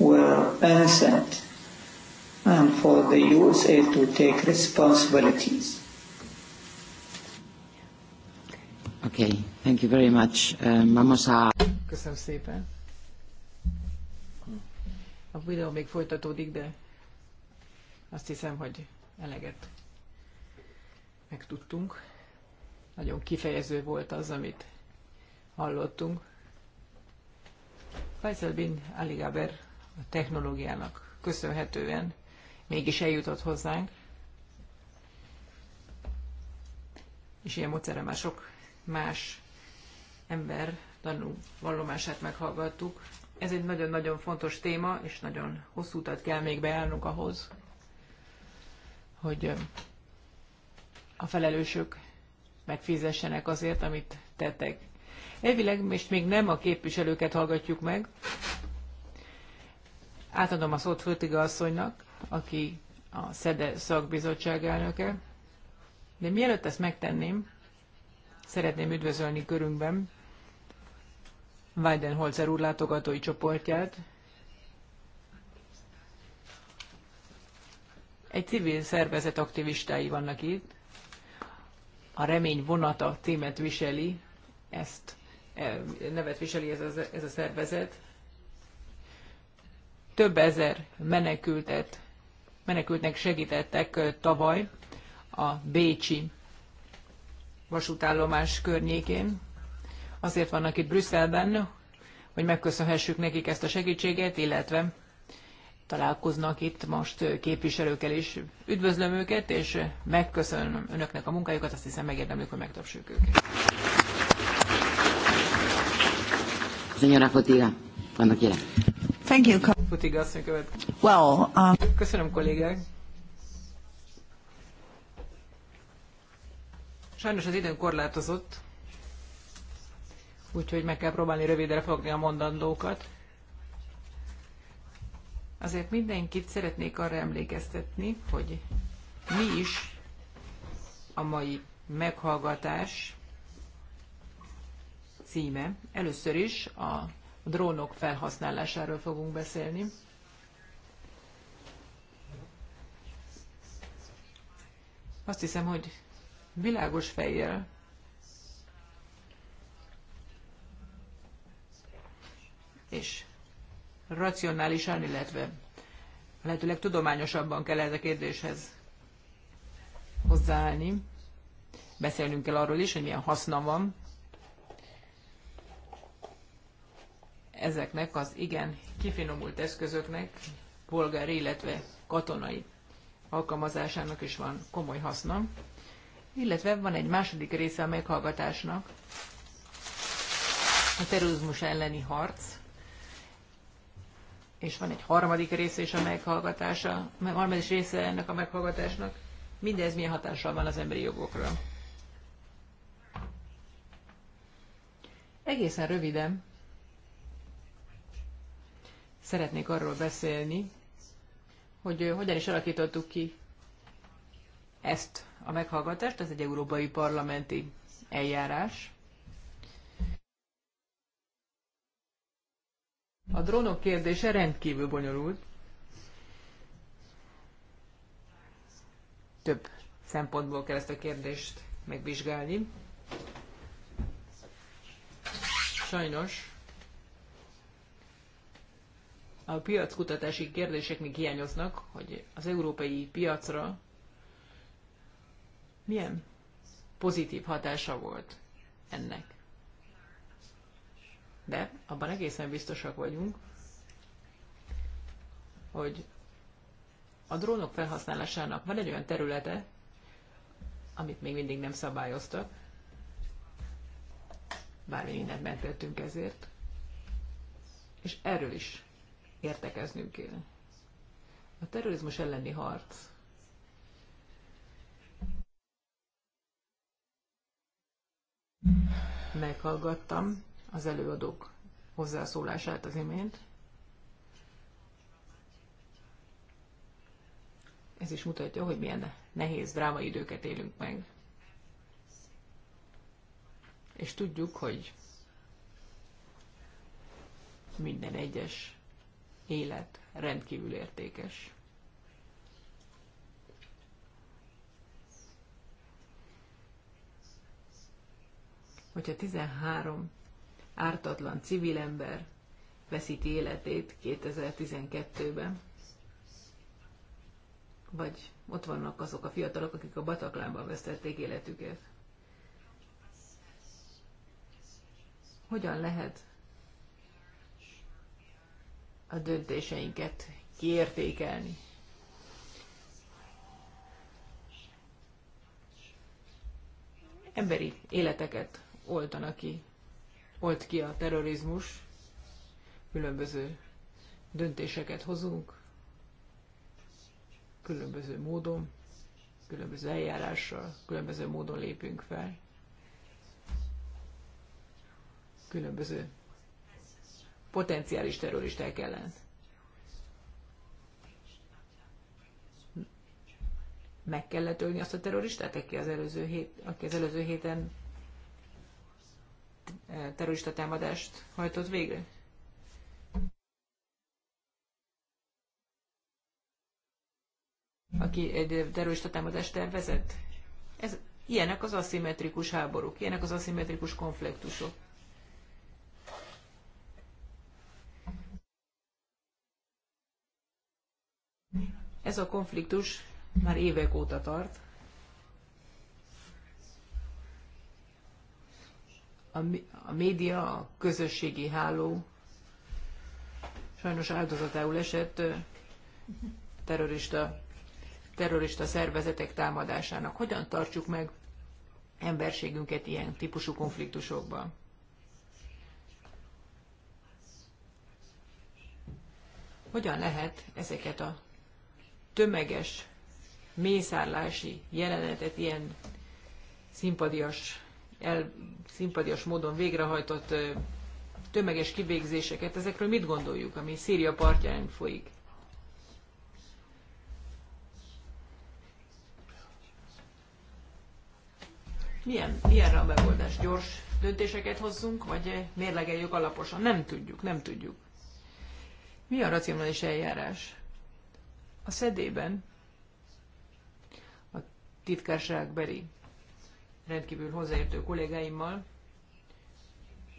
were innocent and for the USA to take responsibilities. Okay, thank you very much. Um, vamos a... Köszönöm szépen. A videó még folytatódik, de azt hiszem, hogy eleget megtudtunk. Nagyon kifejező volt az, amit hallottunk. Faisal bin Ali Gaber a technológiának köszönhetően mégis eljutott hozzánk. És ilyen módszerre már sok más ember tanú vallomását meghallgattuk. Ez egy nagyon-nagyon fontos téma, és nagyon hosszú utat kell még beállnunk ahhoz, hogy a felelősök megfizessenek azért, amit tettek. Elvileg most még nem a képviselőket hallgatjuk meg, Átadom a szót Föltiga asszonynak, aki a SZEDE szakbizottság elnöke. De mielőtt ezt megtenném, szeretném üdvözölni körünkben Weidenholzer úr látogatói csoportját. Egy civil szervezet aktivistái vannak itt. A Remény vonata címet viseli, ezt eh, nevet viseli ez a, ez a szervezet több ezer menekültet, menekültnek segítettek tavaly a Bécsi vasútállomás környékén. Azért vannak itt Brüsszelben, hogy megköszönhessük nekik ezt a segítséget, illetve találkoznak itt most képviselőkkel is. Üdvözlöm őket, és megköszönöm önöknek a munkájukat, azt hiszem megérdemlik, hogy megtapsuk őket. Fotiga, cuando quiera. Thank you asszony következik. Well, um... Köszönöm, kollégák. Sajnos az időn korlátozott, úgyhogy meg kell próbálni rövidre fogni a mondandókat. Azért mindenkit szeretnék arra emlékeztetni, hogy mi is a mai meghallgatás címe. Először is a drónok felhasználásáról fogunk beszélni. Azt hiszem, hogy világos fejjel és racionálisan, illetve lehetőleg tudományosabban kell ez a kérdéshez hozzáállni. Beszélnünk kell arról is, hogy milyen haszna van ezeknek az igen kifinomult eszközöknek, polgári, illetve katonai alkalmazásának is van komoly haszna. Illetve van egy második része a meghallgatásnak, a terrorizmus elleni harc, és van egy harmadik része is a meghallgatása, a harmadik része ennek a meghallgatásnak, mindez milyen hatással van az emberi jogokra. Egészen röviden szeretnék arról beszélni, hogy hogyan is alakítottuk ki ezt a meghallgatást, ez egy európai parlamenti eljárás. A drónok kérdése rendkívül bonyolult. Több szempontból kell ezt a kérdést megvizsgálni. Sajnos a piackutatási kérdések még hiányoznak, hogy az európai piacra milyen pozitív hatása volt ennek. De abban egészen biztosak vagyunk, hogy a drónok felhasználásának van egy olyan területe, amit még mindig nem szabályoztak, bár mi mindent megtettünk ezért, és erről is értekeznünk kéne. A terrorizmus elleni harc. Meghallgattam az előadók hozzászólását az imént. Ez is mutatja, hogy milyen nehéz drámai időket élünk meg. És tudjuk, hogy minden egyes élet rendkívül értékes. Hogyha 13 ártatlan civil ember veszíti életét 2012-ben, vagy ott vannak azok a fiatalok, akik a Bataklánban vesztették életüket. Hogyan lehet a döntéseinket kiértékelni. Emberi életeket oltanak ki, olt ki a terrorizmus, különböző döntéseket hozunk, különböző módon, különböző eljárással, különböző módon lépünk fel, különböző potenciális terroristák ellen. Meg kellett ölni azt a terroristát, aki az előző, hét, aki az előző héten eh, terrorista támadást hajtott végre? Aki egy terrorista támadást tervezett? Ez, ilyenek az aszimmetrikus háborúk, ilyenek az aszimmetrikus konfliktusok. Ez a konfliktus már évek óta tart. A, a média, a közösségi háló sajnos áldozatául esett terrorista, terrorista szervezetek támadásának. Hogyan tartsuk meg emberségünket ilyen típusú konfliktusokban? Hogyan lehet ezeket a tömeges mészárlási jelenetet ilyen szimpadias, el, szimpadias módon végrehajtott tömeges kivégzéseket, ezekről mit gondoljuk, ami Szíria partján folyik? Milyen, milyenre a megoldás? Gyors döntéseket hozzunk, vagy mérlegeljük alaposan? Nem tudjuk, nem tudjuk. Mi a racionális eljárás? A szedében a titkárságbeli rendkívül hozzáértő kollégáimmal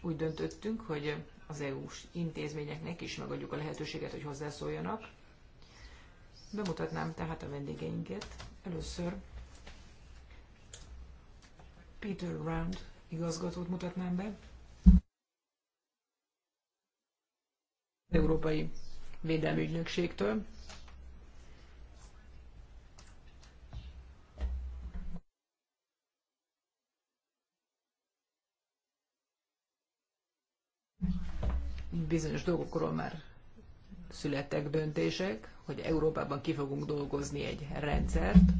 úgy döntöttünk, hogy az EU-s intézményeknek is megadjuk a lehetőséget, hogy hozzászóljanak. Bemutatnám tehát a vendégeinket. Először Peter Round igazgatót mutatnám be. Európai Védelmi Ügynökségtől. bizonyos dolgokról már születtek döntések, hogy Európában ki fogunk dolgozni egy rendszert,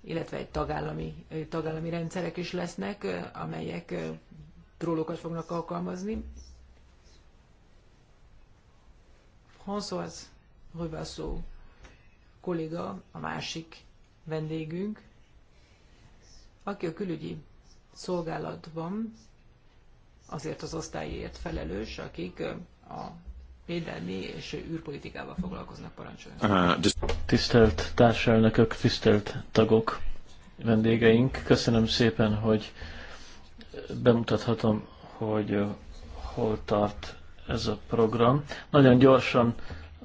illetve egy tagállami, tagállami rendszerek is lesznek, amelyek trollokat fognak alkalmazni. François Rivasso kolléga, a másik vendégünk, aki a külügyi szolgálatban azért az osztályért felelős, akik a védelmi és űrpolitikával foglalkoznak parancsolni. Tisztelt társelnökök, tisztelt tagok, vendégeink, köszönöm szépen, hogy bemutathatom, hogy hol tart ez a program. Nagyon gyorsan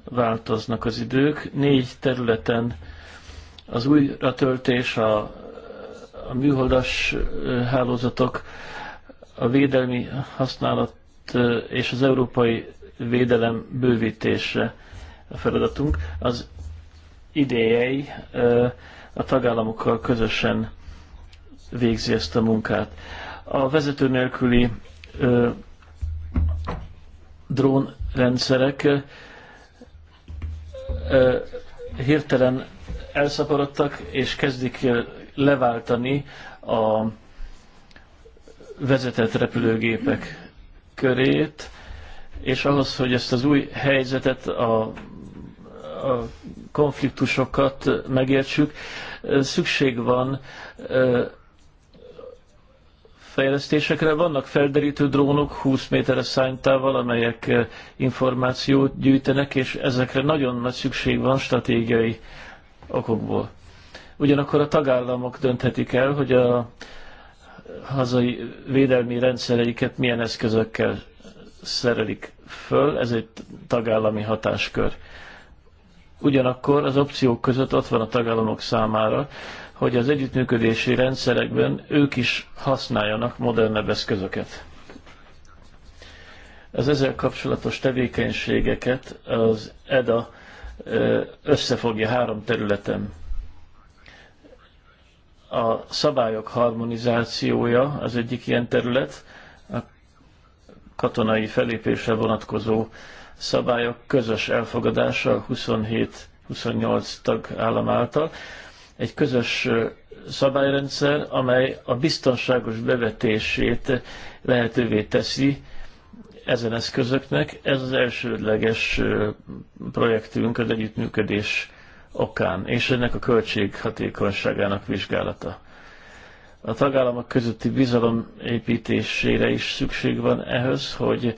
változnak az idők. Négy területen az újratöltés, a, a műholdas hálózatok, a védelmi használat és az európai védelem bővítése a feladatunk, az idéjei a tagállamokkal közösen végzi ezt a munkát. A vezető nélküli drónrendszerek hirtelen elszaporodtak, és kezdik leváltani a vezetett repülőgépek körét, és ahhoz, hogy ezt az új helyzetet, a, a konfliktusokat megértsük, szükség van fejlesztésekre. Vannak felderítő drónok 20 méteres szánytával, amelyek információt gyűjtenek, és ezekre nagyon nagy szükség van stratégiai okokból. Ugyanakkor a tagállamok dönthetik el, hogy a hazai védelmi rendszereiket milyen eszközökkel szerelik föl, ez egy tagállami hatáskör. Ugyanakkor az opciók között ott van a tagállamok számára, hogy az együttműködési rendszerekben ők is használjanak modernebb eszközöket. Az ezzel kapcsolatos tevékenységeket az EDA összefogja három területen a szabályok harmonizációja az egyik ilyen terület, a katonai felépésre vonatkozó szabályok közös elfogadása 27-28 tag állam által. Egy közös szabályrendszer, amely a biztonságos bevetését lehetővé teszi ezen eszközöknek. Ez az elsődleges projektünk, az együttműködés okán, és ennek a költséghatékonyságának vizsgálata. A tagállamok közötti bizalom építésére is szükség van ehhez, hogy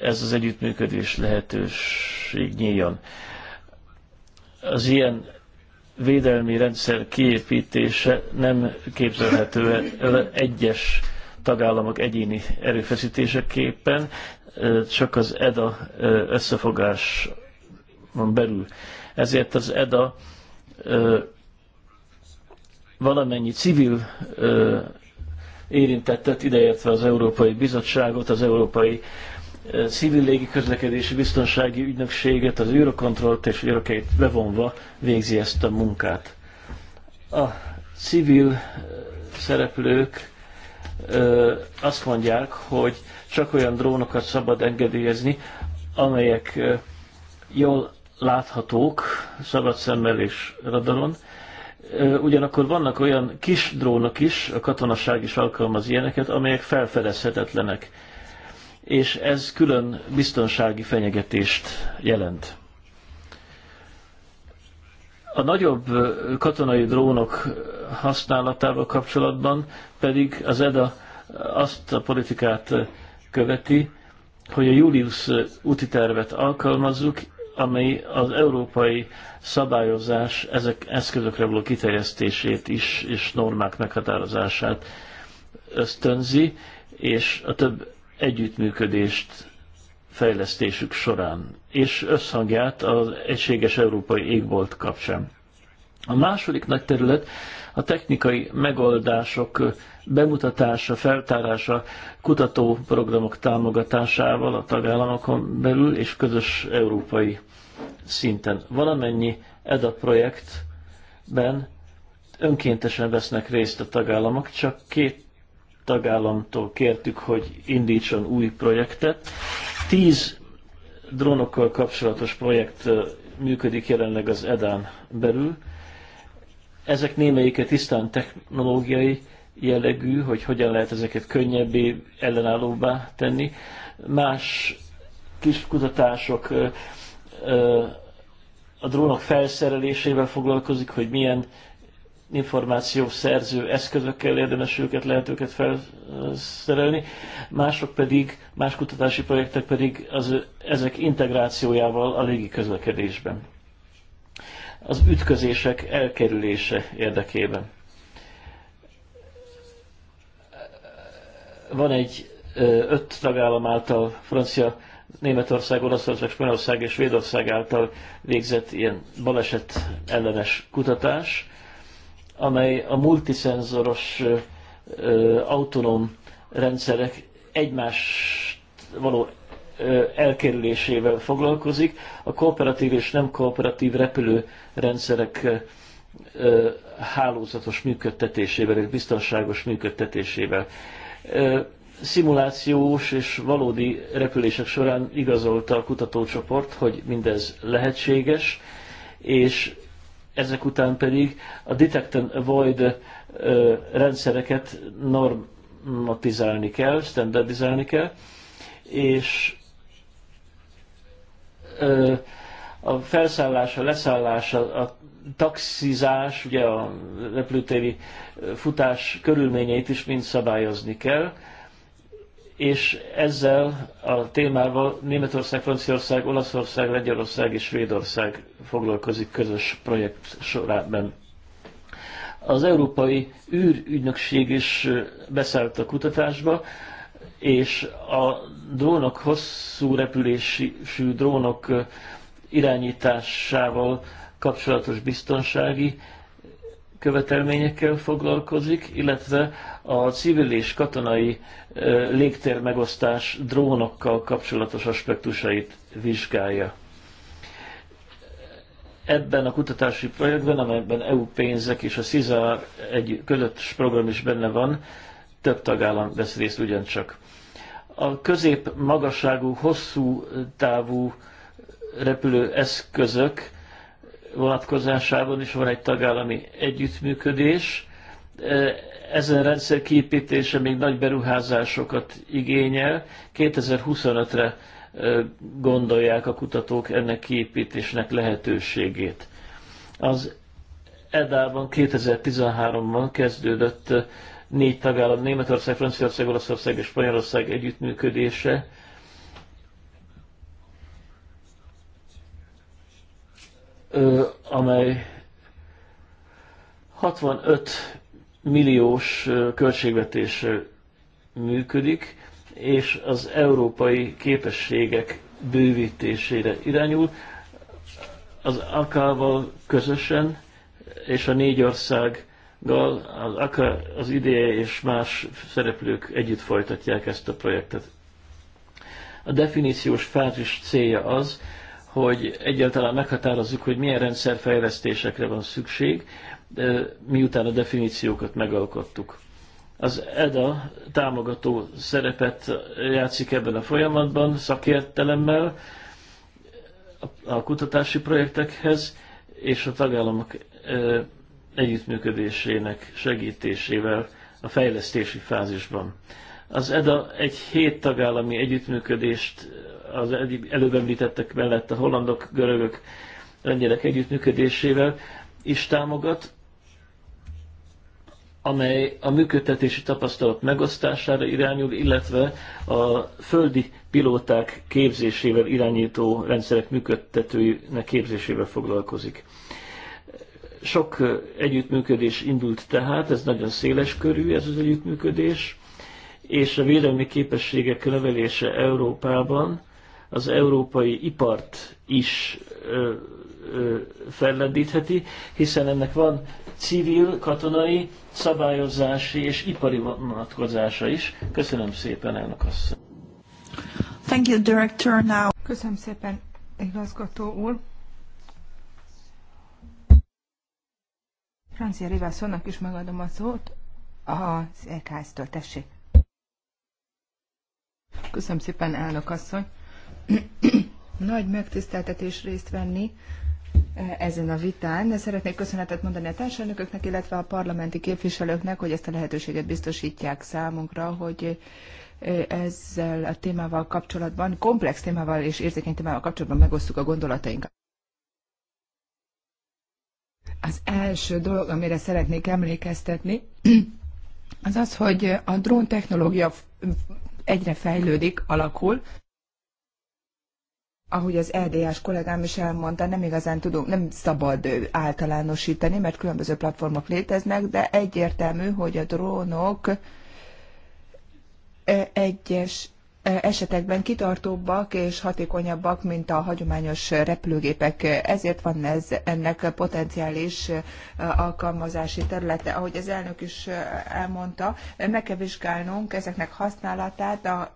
ez az együttműködés lehetőség nyíljon. Az ilyen védelmi rendszer kiépítése nem képzelhető egyes tagállamok egyéni erőfeszítéseképpen, csak az EDA összefogás belül ezért az EDA valamennyi civil érintettet, ideértve az Európai Bizottságot, az Európai Civil Légi Közlekedési Biztonsági Ügynökséget, az Eurocontrolt és Eurocate bevonva végzi ezt a munkát. A civil szereplők azt mondják, hogy csak olyan drónokat szabad engedélyezni, amelyek jól láthatók szabad szemmel és radaron. Ugyanakkor vannak olyan kis drónok is, a katonaság is alkalmaz ilyeneket, amelyek felfedezhetetlenek. És ez külön biztonsági fenyegetést jelent. A nagyobb katonai drónok használatával kapcsolatban pedig az EDA azt a politikát követi, hogy a Julius úti tervet alkalmazzuk, amely az európai szabályozás ezek eszközökre való kiterjesztését is, és normák meghatározását ösztönzi, és a több együttműködést fejlesztésük során, és összhangját az egységes európai égbolt kapcsán. A második nagy terület a technikai megoldások bemutatása, feltárása, kutatóprogramok támogatásával a tagállamokon belül és közös európai szinten. Valamennyi a projektben önkéntesen vesznek részt a tagállamok, csak két tagállamtól kértük, hogy indítson új projektet. Tíz drónokkal kapcsolatos projekt működik jelenleg az edan belül, ezek némelyiket tisztán technológiai jellegű, hogy hogyan lehet ezeket könnyebbé, ellenállóbbá tenni. Más kis kutatások a drónok felszerelésével foglalkozik, hogy milyen szerző eszközökkel érdemes őket, lehet őket felszerelni, mások pedig, más kutatási projektek pedig az, ezek integrációjával a légi közlekedésben az ütközések elkerülése érdekében. Van egy öt tagállam által, Francia, Németország, Olaszország, Spanyolország és Svédország által végzett ilyen baleset ellenes kutatás, amely a multiszenzoros autonóm rendszerek egymást való elkerülésével foglalkozik, a kooperatív és nem kooperatív repülőrendszerek hálózatos működtetésével és biztonságos működtetésével. Szimulációs és valódi repülések során igazolta a kutatócsoport, hogy mindez lehetséges, és ezek után pedig a Detect and Avoid rendszereket normatizálni kell, standardizálni kell, és a felszállása, leszállása, a taxizás, ugye a repülőtéri futás körülményeit is mind szabályozni kell, és ezzel a témával Németország, Franciaország, Olaszország, Lengyelország és Svédország foglalkozik közös projekt sorában. Az Európai űrügynökség is beszállt a kutatásba, és a drónok hosszú repülésű drónok irányításával kapcsolatos biztonsági követelményekkel foglalkozik, illetve a civil és katonai légtérmegosztás megosztás drónokkal kapcsolatos aspektusait vizsgálja. Ebben a kutatási projektben, amelyben EU pénzek és a CISA egy közös program is benne van, több tagállam vesz részt ugyancsak. A közép-magasságú, hosszú távú repülő eszközök vonatkozásában is van egy tagállami együttműködés. Ezen rendszer kiépítése még nagy beruházásokat igényel. 2025-re gondolják a kutatók ennek kiépítésnek lehetőségét. Az EDA-ban 2013-ban kezdődött négy tagállam, Németország, Franciaország, Olaszország és Spanyolország együttműködése amely 65 milliós költségvetés működik, és az európai képességek bővítésére irányul. Az AK-val közösen és a négy ország gal az AKA, az ideje és más szereplők együtt folytatják ezt a projektet. A definíciós fázis célja az, hogy egyáltalán meghatározzuk, hogy milyen rendszerfejlesztésekre van szükség, miután a definíciókat megalkottuk. Az EDA támogató szerepet játszik ebben a folyamatban, szakértelemmel a kutatási projektekhez, és a tagállamok együttműködésének segítésével a fejlesztési fázisban. Az EDA egy hét tagállami együttműködést az előbb említettek mellett a hollandok, görögök, lengyelek együttműködésével is támogat, amely a működtetési tapasztalat megosztására irányul, illetve a földi pilóták képzésével irányító rendszerek működtetőinek képzésével foglalkozik. Sok együttműködés indult tehát, ez nagyon széles körű ez az együttműködés, és a védelmi képességek növelése Európában az európai ipart is ö, ö, fellendítheti, hiszen ennek van civil, katonai, szabályozási és ipari vonatkozása is. Köszönöm szépen, elnök asszony. Thank you, director. Now. Köszönöm szépen, igazgató úr. Francia Rivászonnak is megadom a szót az EKS-től. Tessék. Köszönöm szépen, elnök asszony. Nagy megtiszteltetés részt venni eh, ezen a vitán. De szeretnék köszönetet mondani a társelnököknek, illetve a parlamenti képviselőknek, hogy ezt a lehetőséget biztosítják számunkra, hogy eh, ezzel a témával kapcsolatban, komplex témával és érzékeny témával kapcsolatban megosztjuk a gondolatainkat. Az első dolog, amire szeretnék emlékeztetni, az az, hogy a drón technológia egyre fejlődik, alakul. Ahogy az LDS kollégám is elmondta, nem igazán tudunk, nem szabad általánosítani, mert különböző platformok léteznek, de egyértelmű, hogy a drónok egyes esetekben kitartóbbak és hatékonyabbak, mint a hagyományos repülőgépek. Ezért van ez ennek potenciális alkalmazási területe. Ahogy az elnök is elmondta, meg kell vizsgálnunk ezeknek használatát, a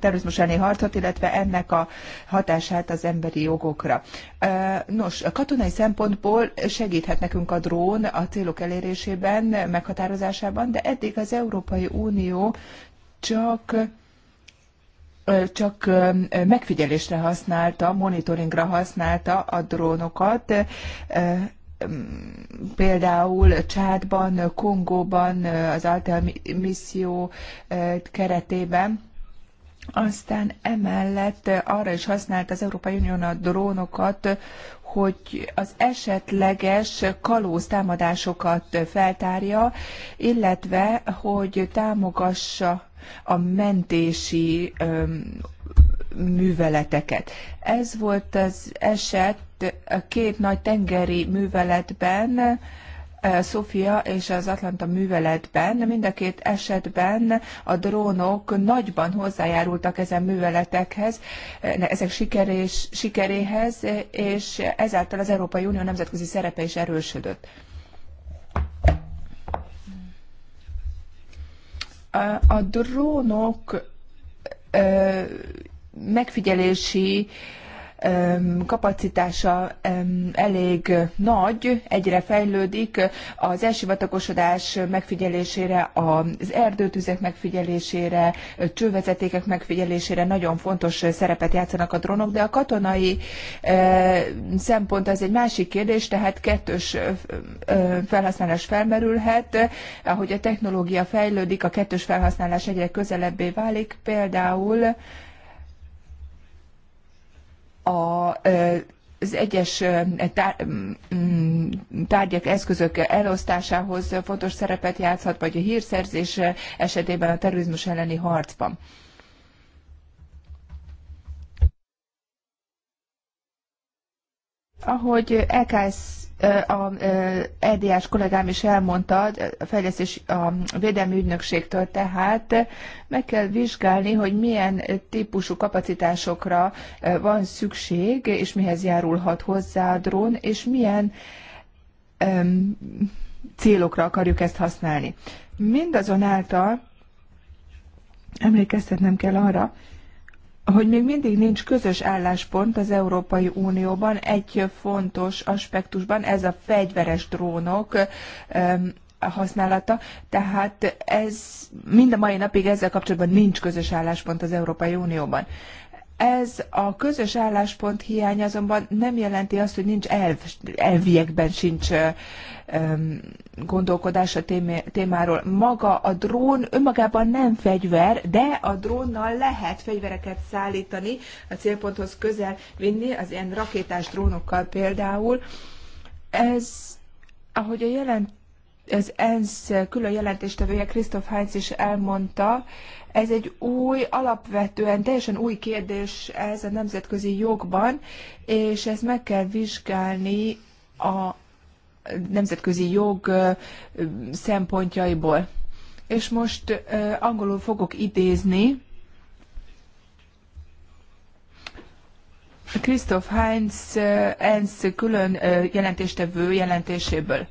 terrorizmus elleni harcot, illetve ennek a hatását az emberi jogokra. Nos, a katonai szempontból segíthet nekünk a drón a célok elérésében, meghatározásában, de eddig az Európai Unió csak csak megfigyelésre használta, monitoringra használta a drónokat, például Csádban, Kongóban, az által misszió keretében. Aztán emellett arra is használta az Európai Unión a drónokat, hogy az esetleges kalóz támadásokat feltárja, illetve hogy támogassa a mentési műveleteket. Ez volt az eset a két nagy tengeri műveletben, Sofia és az Atlanta műveletben. Mind a két esetben a drónok nagyban hozzájárultak ezen műveletekhez, ezek sikerés, sikeréhez, és ezáltal az Európai Unió nemzetközi szerepe is erősödött. a drónok megfigyelési kapacitása elég nagy, egyre fejlődik az elsivatagosodás megfigyelésére, az erdőtüzek megfigyelésére, csővezetékek megfigyelésére nagyon fontos szerepet játszanak a drónok, de a katonai szempont az egy másik kérdés, tehát kettős felhasználás felmerülhet, ahogy a technológia fejlődik, a kettős felhasználás egyre közelebbé válik, például a az egyes tárgyak, eszközök elosztásához fontos szerepet játszhat, vagy a hírszerzés esetében a terrorizmus elleni harcban. Ahogy LKS a EDS kollégám is elmondta, a fejlesztés a védelmi ügynökségtől, tehát meg kell vizsgálni, hogy milyen típusú kapacitásokra van szükség, és mihez járulhat hozzá a drón, és milyen um, célokra akarjuk ezt használni. Mindazonáltal emlékeztetnem kell arra, hogy még mindig nincs közös álláspont az Európai Unióban egy fontos aspektusban, ez a fegyveres drónok használata, tehát ez mind a mai napig ezzel kapcsolatban nincs közös álláspont az Európai Unióban. Ez a közös álláspont hiánya azonban nem jelenti azt, hogy nincs elv, elviekben sincs um, gondolkodás a témáról. Maga a drón önmagában nem fegyver, de a drónnal lehet fegyvereket szállítani, a célponthoz közel vinni, az ilyen rakétás drónokkal például. Ez, ahogy a jelent az ENSZ külön jelentéstevője Christoph Heinz is elmondta, ez egy új, alapvetően teljesen új kérdés ez a nemzetközi jogban, és ezt meg kell vizsgálni a nemzetközi jog szempontjaiból. És most angolul fogok idézni Christoph Heinz ENSZ külön jelentéstevő jelentéséből.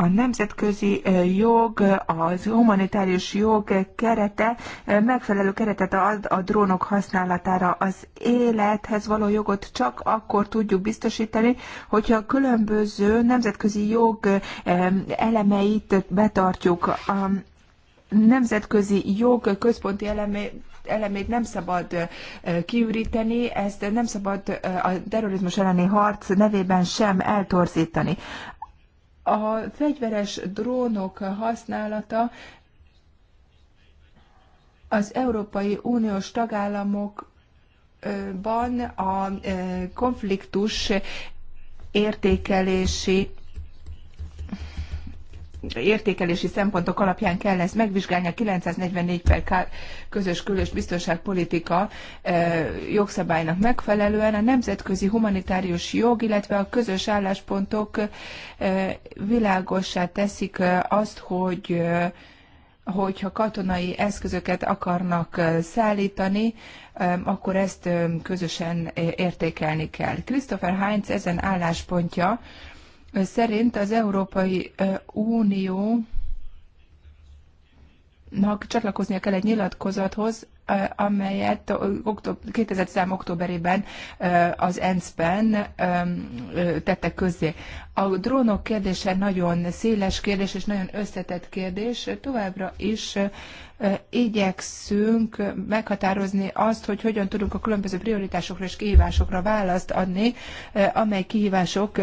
a nemzetközi jog, az humanitárius jog kerete megfelelő keretet ad a drónok használatára. Az élethez való jogot csak akkor tudjuk biztosítani, hogyha a különböző nemzetközi jog elemeit betartjuk. A nemzetközi jog központi elemeit elemét nem szabad kiüríteni, ezt nem szabad a terrorizmus elleni harc nevében sem eltorzítani. A fegyveres drónok használata az Európai Uniós tagállamokban a konfliktus értékelési értékelési szempontok alapján kell ezt megvizsgálni a 944 per K közös külös biztonságpolitika jogszabálynak megfelelően a nemzetközi humanitárius jog, illetve a közös álláspontok világossá teszik azt, hogy hogyha katonai eszközöket akarnak szállítani, akkor ezt közösen értékelni kell. Christopher Heinz ezen álláspontja, szerint az Európai Uniónak csatlakoznia kell egy nyilatkozathoz, amelyet 2013. októberében az ENSZ-ben tettek közzé. A drónok kérdése nagyon széles kérdés és nagyon összetett kérdés. Továbbra is igyekszünk meghatározni azt, hogy hogyan tudunk a különböző prioritásokra és kihívásokra választ adni, amely kihívások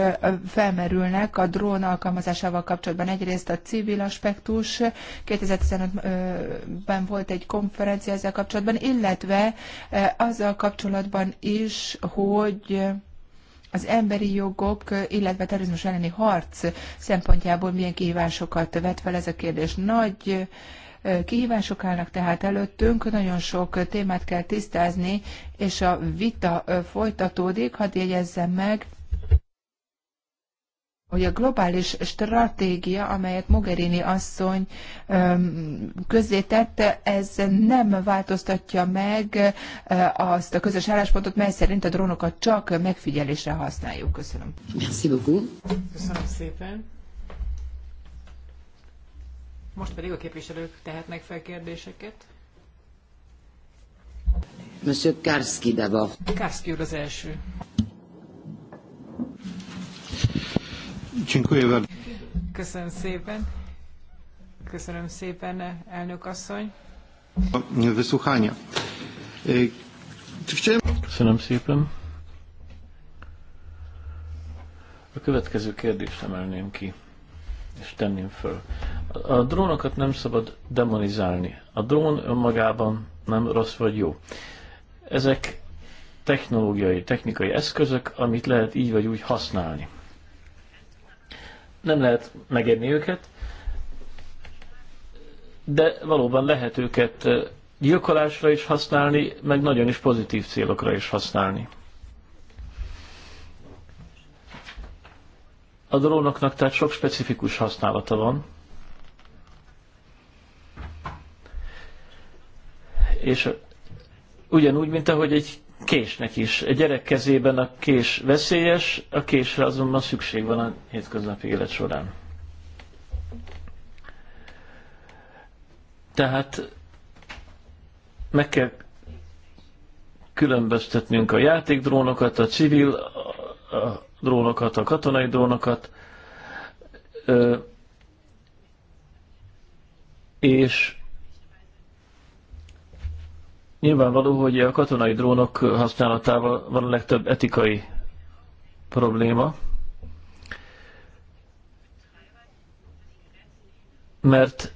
felmerülnek a drón alkalmazásával kapcsolatban. Egyrészt a civil aspektus, 2015-ben volt egy konferencia ezzel kapcsolatban, kapcsolatban, illetve e, azzal kapcsolatban is, hogy az emberi jogok, illetve terrorizmus elleni harc szempontjából milyen kihívásokat vet fel ez a kérdés. Nagy e, kihívások állnak tehát előttünk, nagyon sok témát kell tisztázni, és a vita e, folytatódik. Hadd jegyezzem meg, hogy a globális stratégia, amelyet Mogherini asszony közzétette, ez nem változtatja meg azt a közös álláspontot, mely szerint a drónokat csak megfigyelésre használjuk. Köszönöm. Merci beaucoup. Köszönöm szépen. Most pedig a képviselők tehetnek fel kérdéseket. Monsieur Karski d'abord. Karski úr az első. Köszönöm szépen. Köszönöm szépen, elnök asszony. Wysłuchania. Köszönöm szépen. A következő kérdést emelném ki, és tenném föl. A drónokat nem szabad demonizálni. A drón önmagában nem rossz vagy jó. Ezek technológiai, technikai eszközök, amit lehet így vagy úgy használni nem lehet megérni őket, de valóban lehet őket gyilkolásra is használni, meg nagyon is pozitív célokra is használni. A drónoknak tehát sok specifikus használata van. És ugyanúgy, mint ahogy egy késnek is. Egy gyerek kezében a kés veszélyes, a késre azonban szükség van a hétköznapi élet során. Tehát meg kell különböztetnünk a játékdrónokat, a civil a drónokat, a katonai drónokat, és Nyilvánvaló, hogy a katonai drónok használatával van a legtöbb etikai probléma, mert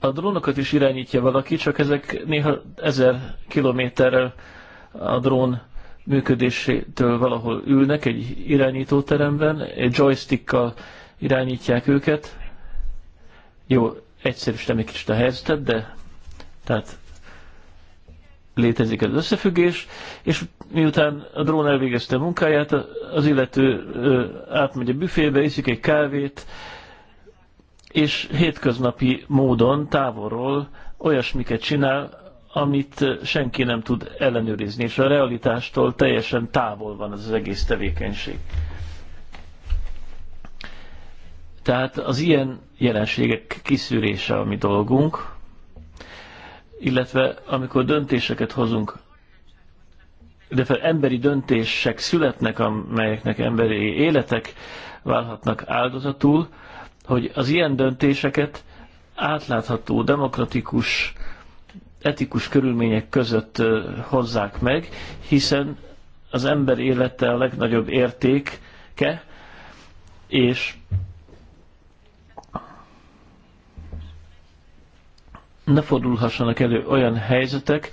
a drónokat is irányítja valaki, csak ezek néha ezer kilométerrel a drón működésétől valahol ülnek egy irányítóteremben, egy joystickkal irányítják őket. Jó, egyszerűsítem egy kicsit a helyzetet, de tehát létezik az összefüggés, és miután a drón elvégezte a munkáját, az illető átmegy a büfébe, iszik egy kávét, és hétköznapi módon távolról olyasmiket csinál, amit senki nem tud ellenőrizni, és a realitástól teljesen távol van az, az egész tevékenység. Tehát az ilyen jelenségek kiszűrése a mi dolgunk, illetve amikor döntéseket hozunk, de fel emberi döntések születnek, amelyeknek emberi életek válhatnak áldozatul, hogy az ilyen döntéseket átlátható, demokratikus, etikus körülmények között hozzák meg, hiszen az ember élete a legnagyobb értéke, és ne fordulhassanak elő olyan helyzetek,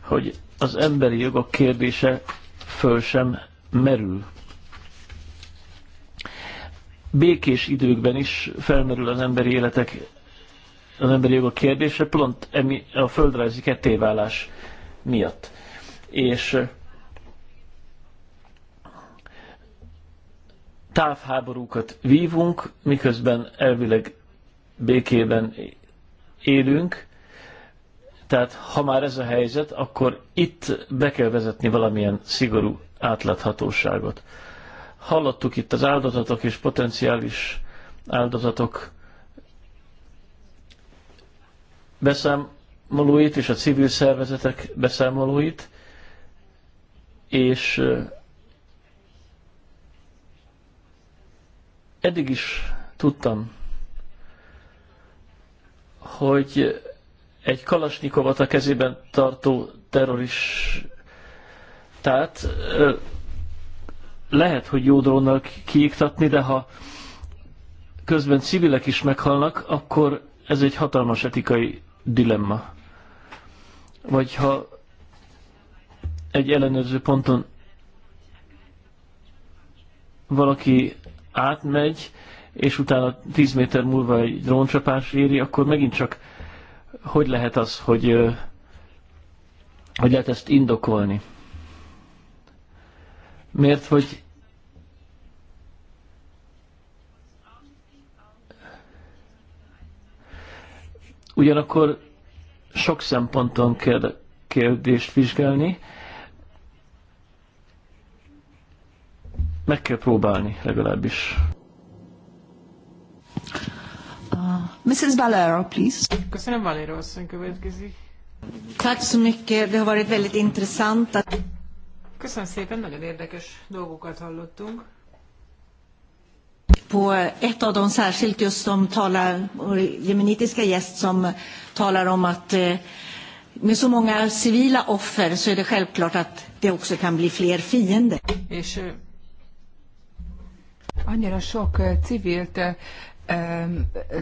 hogy az emberi jogok kérdése föl sem merül. Békés időkben is felmerül az emberi életek, az emberi jogok kérdése, pont a földrajzi kettéválás miatt. És távháborúkat vívunk, miközben elvileg békében élünk, tehát ha már ez a helyzet, akkor itt be kell vezetni valamilyen szigorú átláthatóságot. Hallottuk itt az áldozatok és potenciális áldozatok beszámolóit és a civil szervezetek beszámolóit, és eddig is tudtam, hogy egy kalasnyikovat a kezében tartó terroristát lehet, hogy jó drónnal kiiktatni, de ha közben civilek is meghalnak, akkor ez egy hatalmas etikai dilemma. Vagy ha egy ellenőrző ponton valaki átmegy, és utána 10 méter múlva egy dróncsapás éri, akkor megint csak hogy lehet az, hogy hogy lehet ezt indokolni? Miért, hogy ugyanakkor sok szemponton kell kérdést vizsgálni, meg kell próbálni legalábbis. Mrs. Valero, please. Köszönöm, Valero asszony következik. Tack så mycket. Det har varit Köszönöm szépen, nagyon érdekes dolgokat hallottunk. På ett av de särskilt just som talar, vår jemenitiska gäst som talar om att eh, med så många civila offer så är det självklart att det också kan bli fler fiender. És eh, annyira sok eh, civilt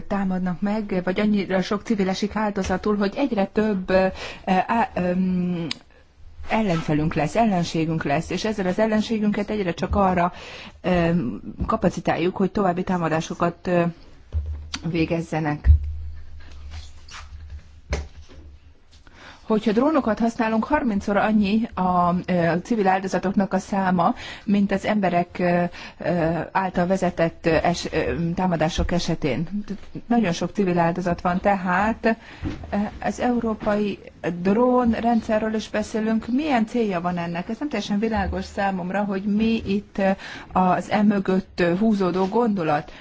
támadnak meg, vagy annyira sok civil esik áldozatul, hogy egyre több eh, ellenfelünk lesz, ellenségünk lesz, és ezzel az ellenségünket egyre csak arra kapacitáljuk, hogy további támadásokat eh, végezzenek. hogyha drónokat használunk, 30-szor annyi a civil áldozatoknak a száma, mint az emberek által vezetett es, támadások esetén. Nagyon sok civil áldozat van, tehát az európai drón rendszerről is beszélünk. Milyen célja van ennek? Ez nem teljesen világos számomra, hogy mi itt az emögött húzódó gondolat.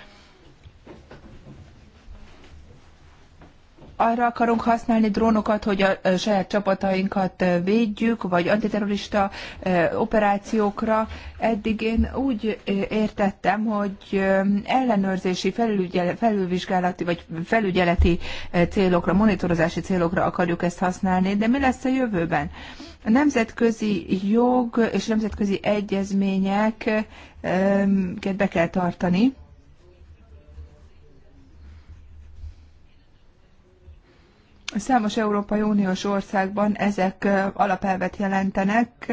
arra akarunk használni drónokat, hogy a saját csapatainkat védjük, vagy antiterrorista operációkra. Eddig én úgy értettem, hogy ellenőrzési, felülvizsgálati, vagy felügyeleti célokra, monitorozási célokra akarjuk ezt használni, de mi lesz a jövőben? A nemzetközi jog és nemzetközi egyezményeket be kell tartani Számos Európai Uniós országban ezek alapelvet jelentenek,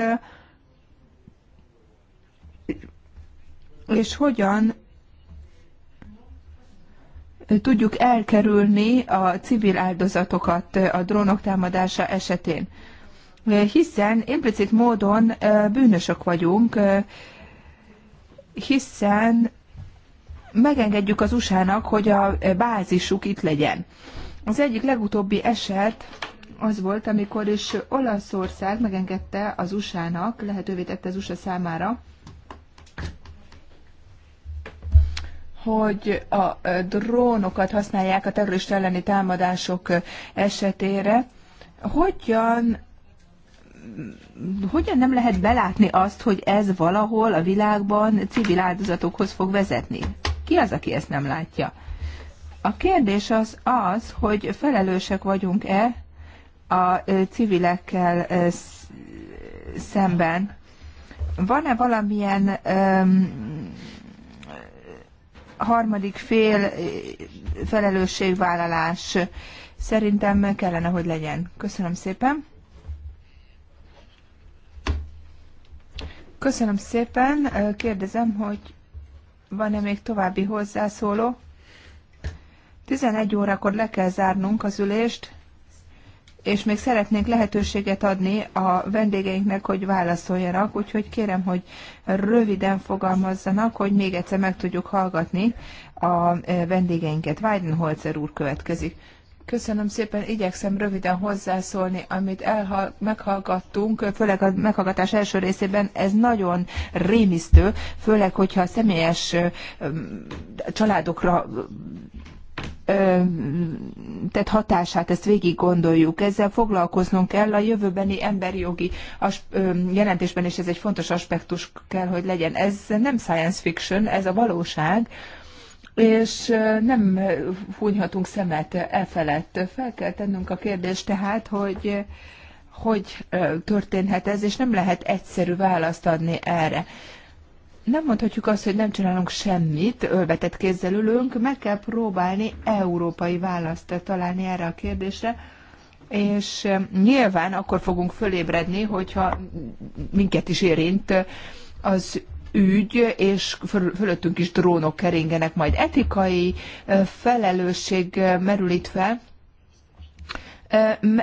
és hogyan tudjuk elkerülni a civil áldozatokat a drónok támadása esetén. Hiszen implicit módon bűnösök vagyunk, hiszen megengedjük az USA-nak, hogy a bázisuk itt legyen. Az egyik legutóbbi eset az volt, amikor is Olaszország megengedte az USA-nak, lehetővé tette az USA számára, hogy a drónokat használják a terrorista elleni támadások esetére. Hogyan hogyan nem lehet belátni azt, hogy ez valahol a világban civil áldozatokhoz fog vezetni? Ki az, aki ezt nem látja? A kérdés az az, hogy felelősek vagyunk-e a civilekkel szemben. Van-e valamilyen harmadik fél felelősségvállalás? Szerintem kellene, hogy legyen. Köszönöm szépen. Köszönöm szépen. Kérdezem, hogy van-e még további hozzászóló? 11 órakor le kell zárnunk az ülést, és még szeretnénk lehetőséget adni a vendégeinknek, hogy válaszoljanak, úgyhogy kérem, hogy röviden fogalmazzanak, hogy még egyszer meg tudjuk hallgatni a e, vendégeinket. Weidenholzer úr következik. Köszönöm szépen, igyekszem röviden hozzászólni, amit elhal- meghallgattunk, főleg a meghallgatás első részében, ez nagyon rémisztő, főleg, hogyha a személyes családokra tett hatását, ezt végig gondoljuk. Ezzel foglalkoznunk kell a jövőbeni emberi jogi jelentésben, és ez egy fontos aspektus kell, hogy legyen. Ez nem science fiction, ez a valóság, és nem hunyhatunk szemet e felett. Fel kell tennünk a kérdést tehát, hogy hogy történhet ez, és nem lehet egyszerű választ adni erre nem mondhatjuk azt, hogy nem csinálunk semmit, ölvetett kézzel ülünk, meg kell próbálni európai választ találni erre a kérdésre, és eh, nyilván akkor fogunk fölébredni, hogyha minket is érint eh, az ügy, és föl, fölöttünk is drónok keringenek, majd etikai eh, felelősség merül itt fel,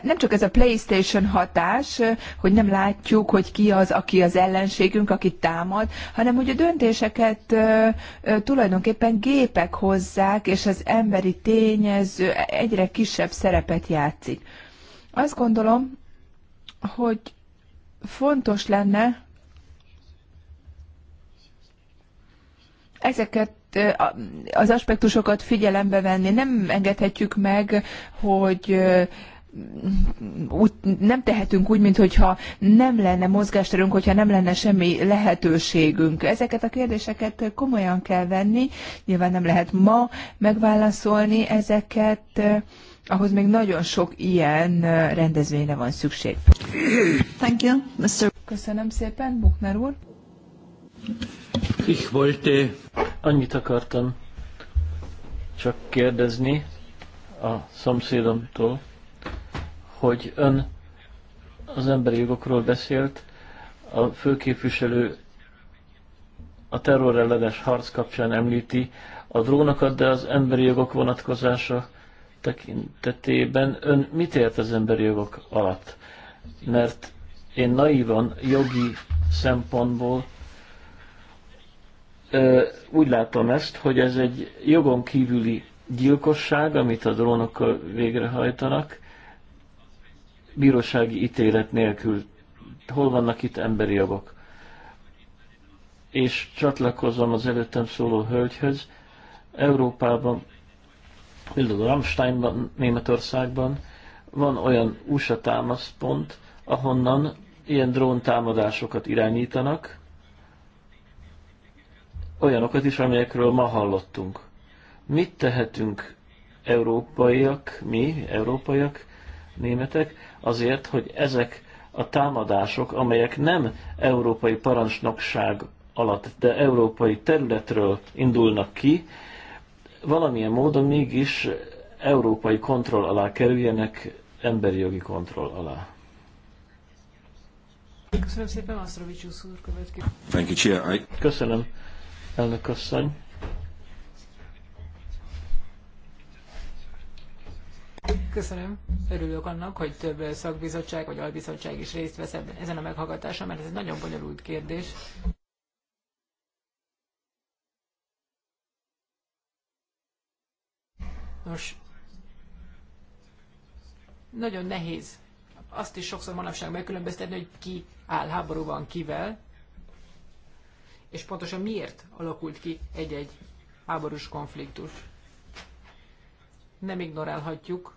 nem csak ez a PlayStation hatás, hogy nem látjuk, hogy ki az, aki az ellenségünk, aki támad, hanem hogy a döntéseket tulajdonképpen gépek hozzák, és az emberi tényező egyre kisebb szerepet játszik. Azt gondolom, hogy fontos lenne ezeket az aspektusokat figyelembe venni. Nem engedhetjük meg, hogy úgy, nem tehetünk úgy, mintha nem lenne mozgásterünk, hogyha nem lenne semmi lehetőségünk. Ezeket a kérdéseket komolyan kell venni, nyilván nem lehet ma megválaszolni ezeket, ahhoz még nagyon sok ilyen rendezvényre van szükség. Thank you, Mr. Köszönöm szépen, Buchner úr. Ich wollte, annyit akartam csak kérdezni a szomszédomtól, hogy ön az emberi jogokról beszélt, a főképviselő a terrorellenes harc kapcsán említi a drónokat, de az emberi jogok vonatkozása tekintetében ön mit ért az emberi jogok alatt? Mert én naívan jogi szempontból ö, úgy látom ezt, hogy ez egy jogon kívüli gyilkosság, amit a drónokkal végrehajtanak, bírósági ítélet nélkül. Hol vannak itt emberi jogok? És csatlakozom az előttem szóló hölgyhöz. Európában, például Ramsteinban, Németországban van olyan USA támaszpont, ahonnan ilyen dróntámadásokat irányítanak, olyanokat is, amelyekről ma hallottunk. Mit tehetünk európaiak, mi, európaiak, németek, azért, hogy ezek a támadások, amelyek nem európai parancsnokság alatt, de európai területről indulnak ki, valamilyen módon mégis európai kontroll alá kerüljenek, emberi jogi kontroll alá. Köszönöm szépen, Asztrovics úr következik. Köszönöm, elnök asszony. Köszönöm. Örülök annak, hogy több szakbizottság vagy albizottság is részt vesz ezen a meghallgatáson, mert ez egy nagyon bonyolult kérdés. Nos, nagyon nehéz azt is sokszor manapság megkülönböztetni, hogy ki áll háborúban kivel, és pontosan miért alakult ki egy-egy háborús konfliktus. Nem ignorálhatjuk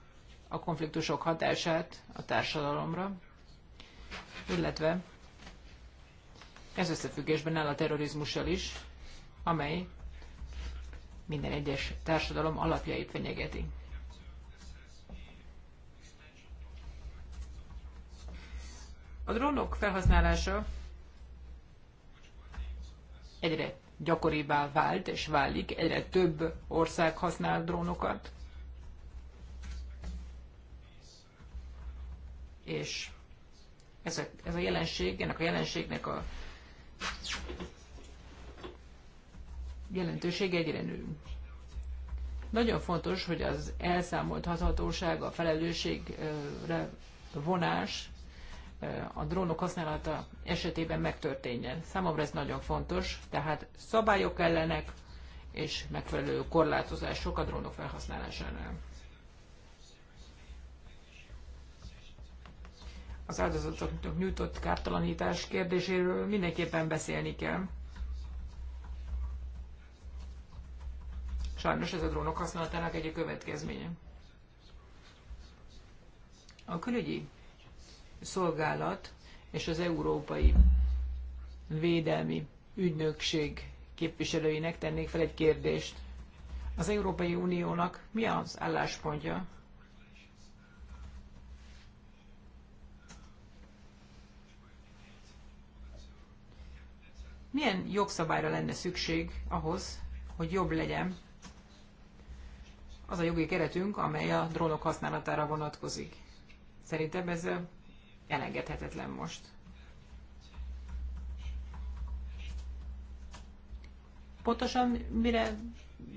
a konfliktusok hatását a társadalomra, illetve ez összefüggésben áll a terrorizmussal is, amely minden egyes társadalom alapjait fenyegeti. A drónok felhasználása egyre gyakoribbá vált és válik, egyre több ország használ drónokat. és ez a, ez a jelenség, ennek a jelenségnek a jelentősége egyre nő. Nagyon fontos, hogy az hatóság, a felelősségre vonás a drónok használata esetében megtörténjen. Számomra ez nagyon fontos, tehát szabályok ellenek és megfelelő korlátozások a drónok felhasználásánál. az áldozatoknak nyújtott kártalanítás kérdéséről mindenképpen beszélni kell. Sajnos ez a drónok használatának egy következménye. A külügyi szolgálat és az Európai Védelmi Ügynökség képviselőinek tennék fel egy kérdést. Az Európai Uniónak mi az álláspontja Milyen jogszabályra lenne szükség ahhoz, hogy jobb legyen az a jogi keretünk, amely a drónok használatára vonatkozik? Szerintem ez elengedhetetlen most. Pontosan mire,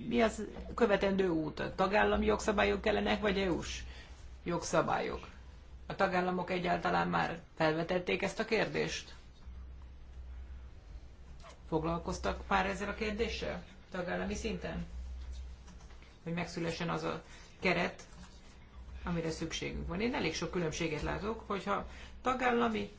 mi az követendő út? A tagállami jogszabályok kellenek, vagy EU-s jogszabályok? A tagállamok egyáltalán már felvetették ezt a kérdést? Foglalkoztak már ezzel a kérdéssel tagállami szinten? Hogy megszülessen az a keret, amire szükségünk van. Én elég sok különbséget látok, hogyha tagállami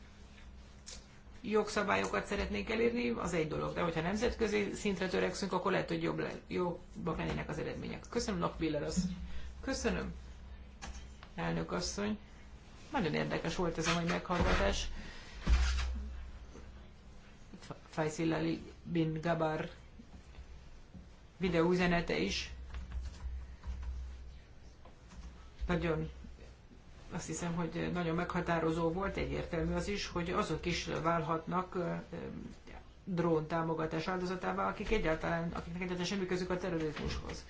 jogszabályokat szeretnék elérni, az egy dolog. De hogyha nemzetközi szintre törekszünk, akkor lehet, hogy jobb le, jobbak lennének az eredmények. Köszönöm, Lakbiller az. Köszönöm, elnök asszony. Nagyon érdekes volt ez a mai meghallgatás. Faisal Ali bin Gabar videóüzenete is nagyon azt hiszem, hogy nagyon meghatározó volt, egyértelmű az is, hogy azok is válhatnak drón támogatás áldozatává, akik egyáltalán, akiknek egyáltalán semmi közük a terrorizmushoz.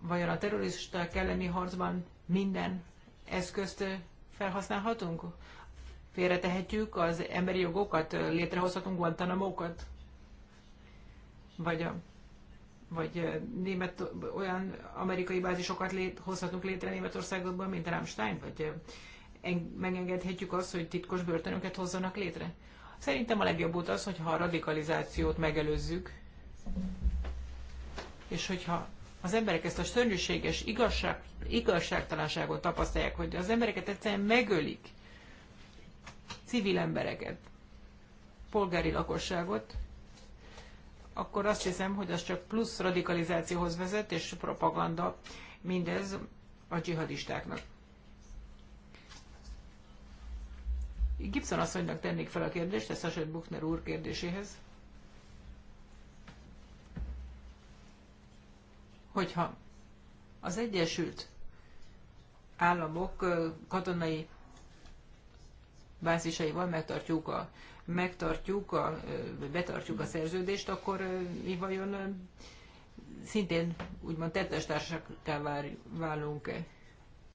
Vajon a terroristák elleni harcban minden eszközt felhasználhatunk? félretehetjük az emberi jogokat, létrehozhatunk Guantanamo-kat? Vagy, a, vagy német, olyan amerikai bázisokat lét, hozhatunk létre Németországban, mint a Rammstein? Vagy en, megengedhetjük azt, hogy titkos börtönöket hozzanak létre? Szerintem a legjobb út az, hogyha a radikalizációt megelőzzük, és hogyha az emberek ezt a szörnyűséges igazság, igazságtalanságot tapasztalják, hogy az embereket egyszerűen megölik, civil embereket, polgári lakosságot, akkor azt hiszem, hogy az csak plusz radikalizációhoz vezet, és propaganda mindez a dzsihadistáknak. Gibson asszonynak tennék fel a kérdést, ezt a Buchner úr kérdéséhez. Hogyha az Egyesült Államok katonai bázisaival megtartjuk a, megtartjuk a, betartjuk a szerződést, akkor mi vajon szintén úgymond tettestársaká válunk-e?